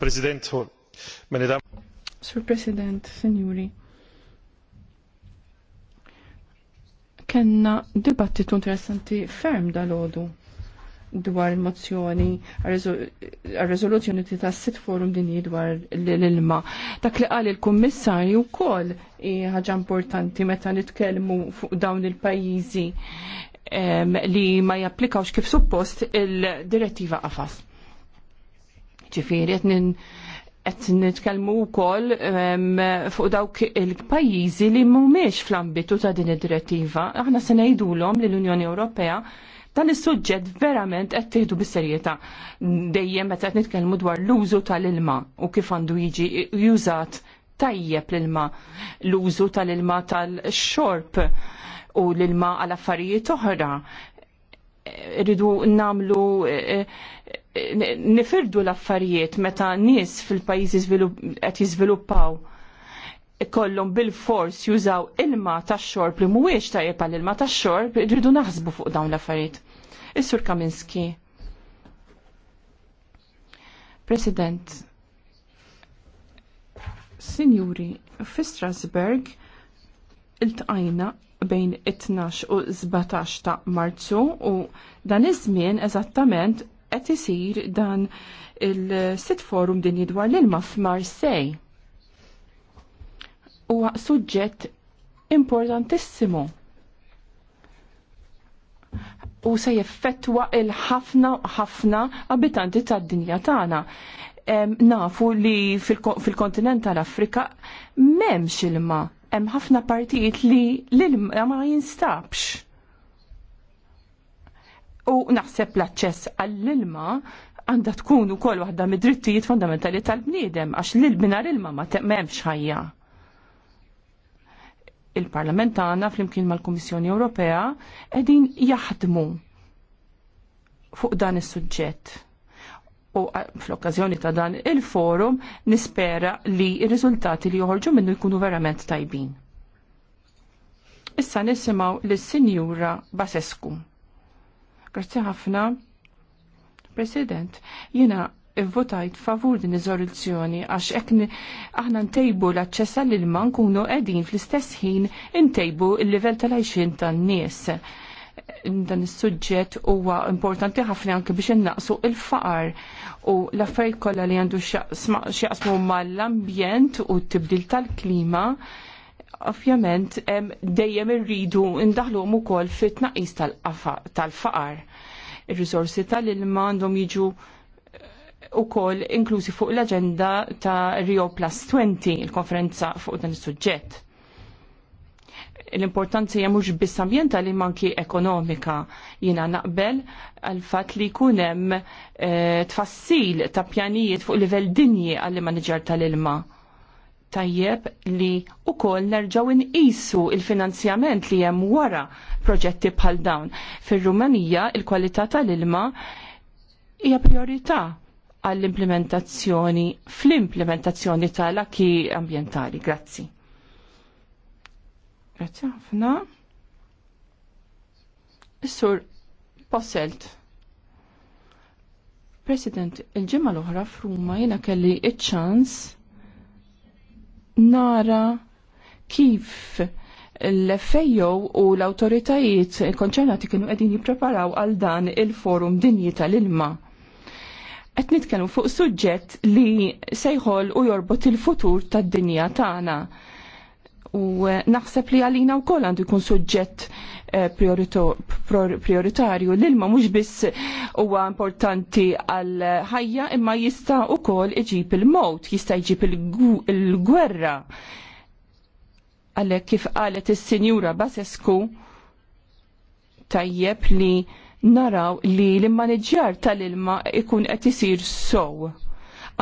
President, menedam. Sur President, Sinjuri. Kenna dibattitu interessanti ferm dal-ħodu dwar il-mozzjoni għal-rezoluzjoni ta' sit forum dinji dwar l-ilma. Dak li qal il-kummissarju wkoll ħaġa importanti meta nitkellmu fuq dawn il-pajjiżi li ma japplikawx kif suppost il-direttiva qafas. Ġifieri qed nitkellmu wkoll fuq dawk il-pajjiżi li mhumiex fl-ambitu ta' din id-direttiva. Aħna se ngħidulhom lill l-Unjoni Ewropea Dan is-suġġett verament qed tieħdu bis-serjetà dejjem meta qed nitkellmu dwar l-użu tal-ilma u kif għandu jiġi jużat tajjeb l-ilma, l-użu tal-ilma tal-xorb u l-ilma għal affarijiet oħra. Rridu namlu eh, eh, nifirdu l-affarijiet meta nies fil-pajjiżi qed jiżviluppaw ikollhom bil-fors jużaw ilma tax-xorb li mhuwiex jepa għal ilma tax-xorb irridu naħsbu fuq dawn l-affarijiet. Is-Sur Kaminski. President, Sinjuri, fi Strasburg iltqajna bejn 12 u 17 ta' Marzu u dan iż-żmien eżattament qed isir dan il-sit forum din jidwar l-ilma f'Marsej huwa suġġett importantissimu u se jeffettwa il-ħafna ħafna abitanti tad-dinja tagħna. Nafu li fil-kontinent fil kontinent tal afrika m'hemmx ilma, hemm ħafna partijiet li l-ilma ma jinstabx. U naħseb l-aċċess għall-ilma għandha tkun ukoll waħda mid-drittijiet fondamentali tal-bniedem għax l-ilma ilma ma hemmx ħajja il-Parlament tagħna flimkien mal-Kummissjoni Ewropea qegħdin jaħdmu fuq dan is-suġġett. U fl-okkażjoni ta' dan il-forum nispera li r-riżultati li joħorġu minnu jkunu verament tajbin. Issa nisimgħu lis-Sinjura Basescu. Grazzi ħafna. President, jiena votajt favur din iż-żoluzzjoni għax hekk aħna ntejbu l-aċċess għall-ilma nkunu qegħdin fl-istess ħin ntejbu l-livell tal-għajxin tan-nies. Dan is-suġġett huwa importanti ħafna anke biex innaqsu il-faqar u l-affarijiet kollha li għandu x'jaqsmu mal-ambjent u t-tibdil tal-klima ovvjament dejjem irridu ndaħluhom ukoll fit-tnaqqis tal-faqar. Tal faqar ir tal-ilma għandhom jiġu u kol inklusi fuq l-agenda ta' Rio Plus 20, il-konferenza fuq dan is-suġġett. L-importanza hija mhux biss ambjentali manki ekonomika. Jiena naqbel għal fatt li jkun hemm eh, tfassil ta' pjanijiet fuq livell dinji għall maniġer tal-ilma. Tajjeb li kol nerġgħu inqisu il-finanzjament li hemm wara proġetti bħal dawn. Fir-Rumanija il-kwalità tal-ilma hija priorità għall-implementazzjoni, fl-implementazzjoni tal akki ambientali. Grazzi. Grazzi ħafna. Sur Posselt. President, il ġemma l-oħra f'Ruma jena kelli iċ-ċans nara kif l-FAO u l-autoritajiet konċernati kienu qegħdin jippreparaw għal dan il-forum dinji tal-ilma qed nitkellmu fuq suġġett li sejħol u jorbot il-futur tad-dinja tagħna. U eh, naħseb li għalina wkoll għandu jkun suġġett eh, prioritarju. L-ilma mhux biss huwa importanti għal ħajja imma jista' ukoll iġib il-mowt, jista' jġib il-gwerra. Għalhekk kif qalet is-Sinjura Basescu tajjeb li naraw li l immaneġjar tal-ilma ikun qed isir sow.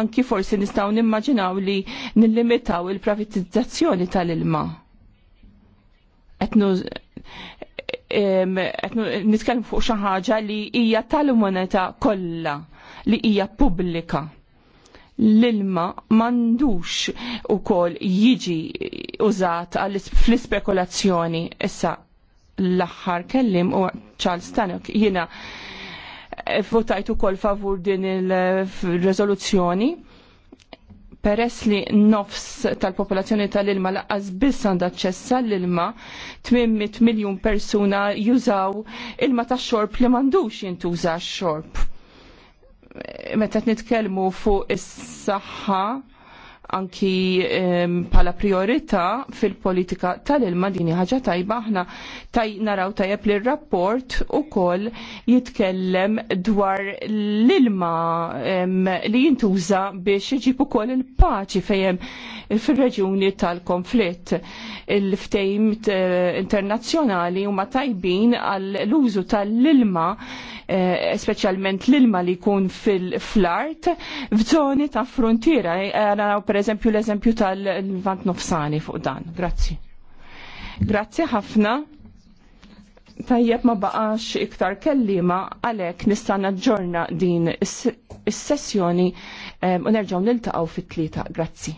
Anki forsi nistgħu nimmaġinaw li nillimitaw il-privatizzazzjoni tal-ilma. Qed nitkellmu fuq xi ħaġa li hija tal-moneta kollha li hija pubblika l-ilma mandux u kol jiġi użat fl-spekulazzjoni. Issa, l-aħħar kellim u Charles Tannock jiena eh, votajtu kol favur din il-rezoluzzjoni peress li nofs tal-popolazzjoni tal-ilma laqqas biss għandha ċessa l-ilma 800 miljun persuna jużaw ilma tax xorb li m'għandux jintuża x-xorb. Meta nitkellmu fuq is-saħħa anki bħala priorità fil-politika tal-ilma dini ħaġa tajba aħna taj naraw tajjeb li rapport u ukoll jitkellem dwar l-ilma li jintuża biex iġib ukoll il-paċi fejjem fil-reġjuni tal-konflitt. Il-ftejm eh, u ma tajbin għall użu tal-ilma Eh, speċjalment l-ilma li jkun fil-flart f'żoni ta' frontiera. Eh, naraw per eżempju l-eżempju tal-vant nofsani fuq dan. Grazzi. Grazzi ħafna. Tajjeb ma baqax iktar kellima għalek nistana ġorna din is-sessjoni eh, u nerġaw niltaqgħu fit-tlieta. Grazzi.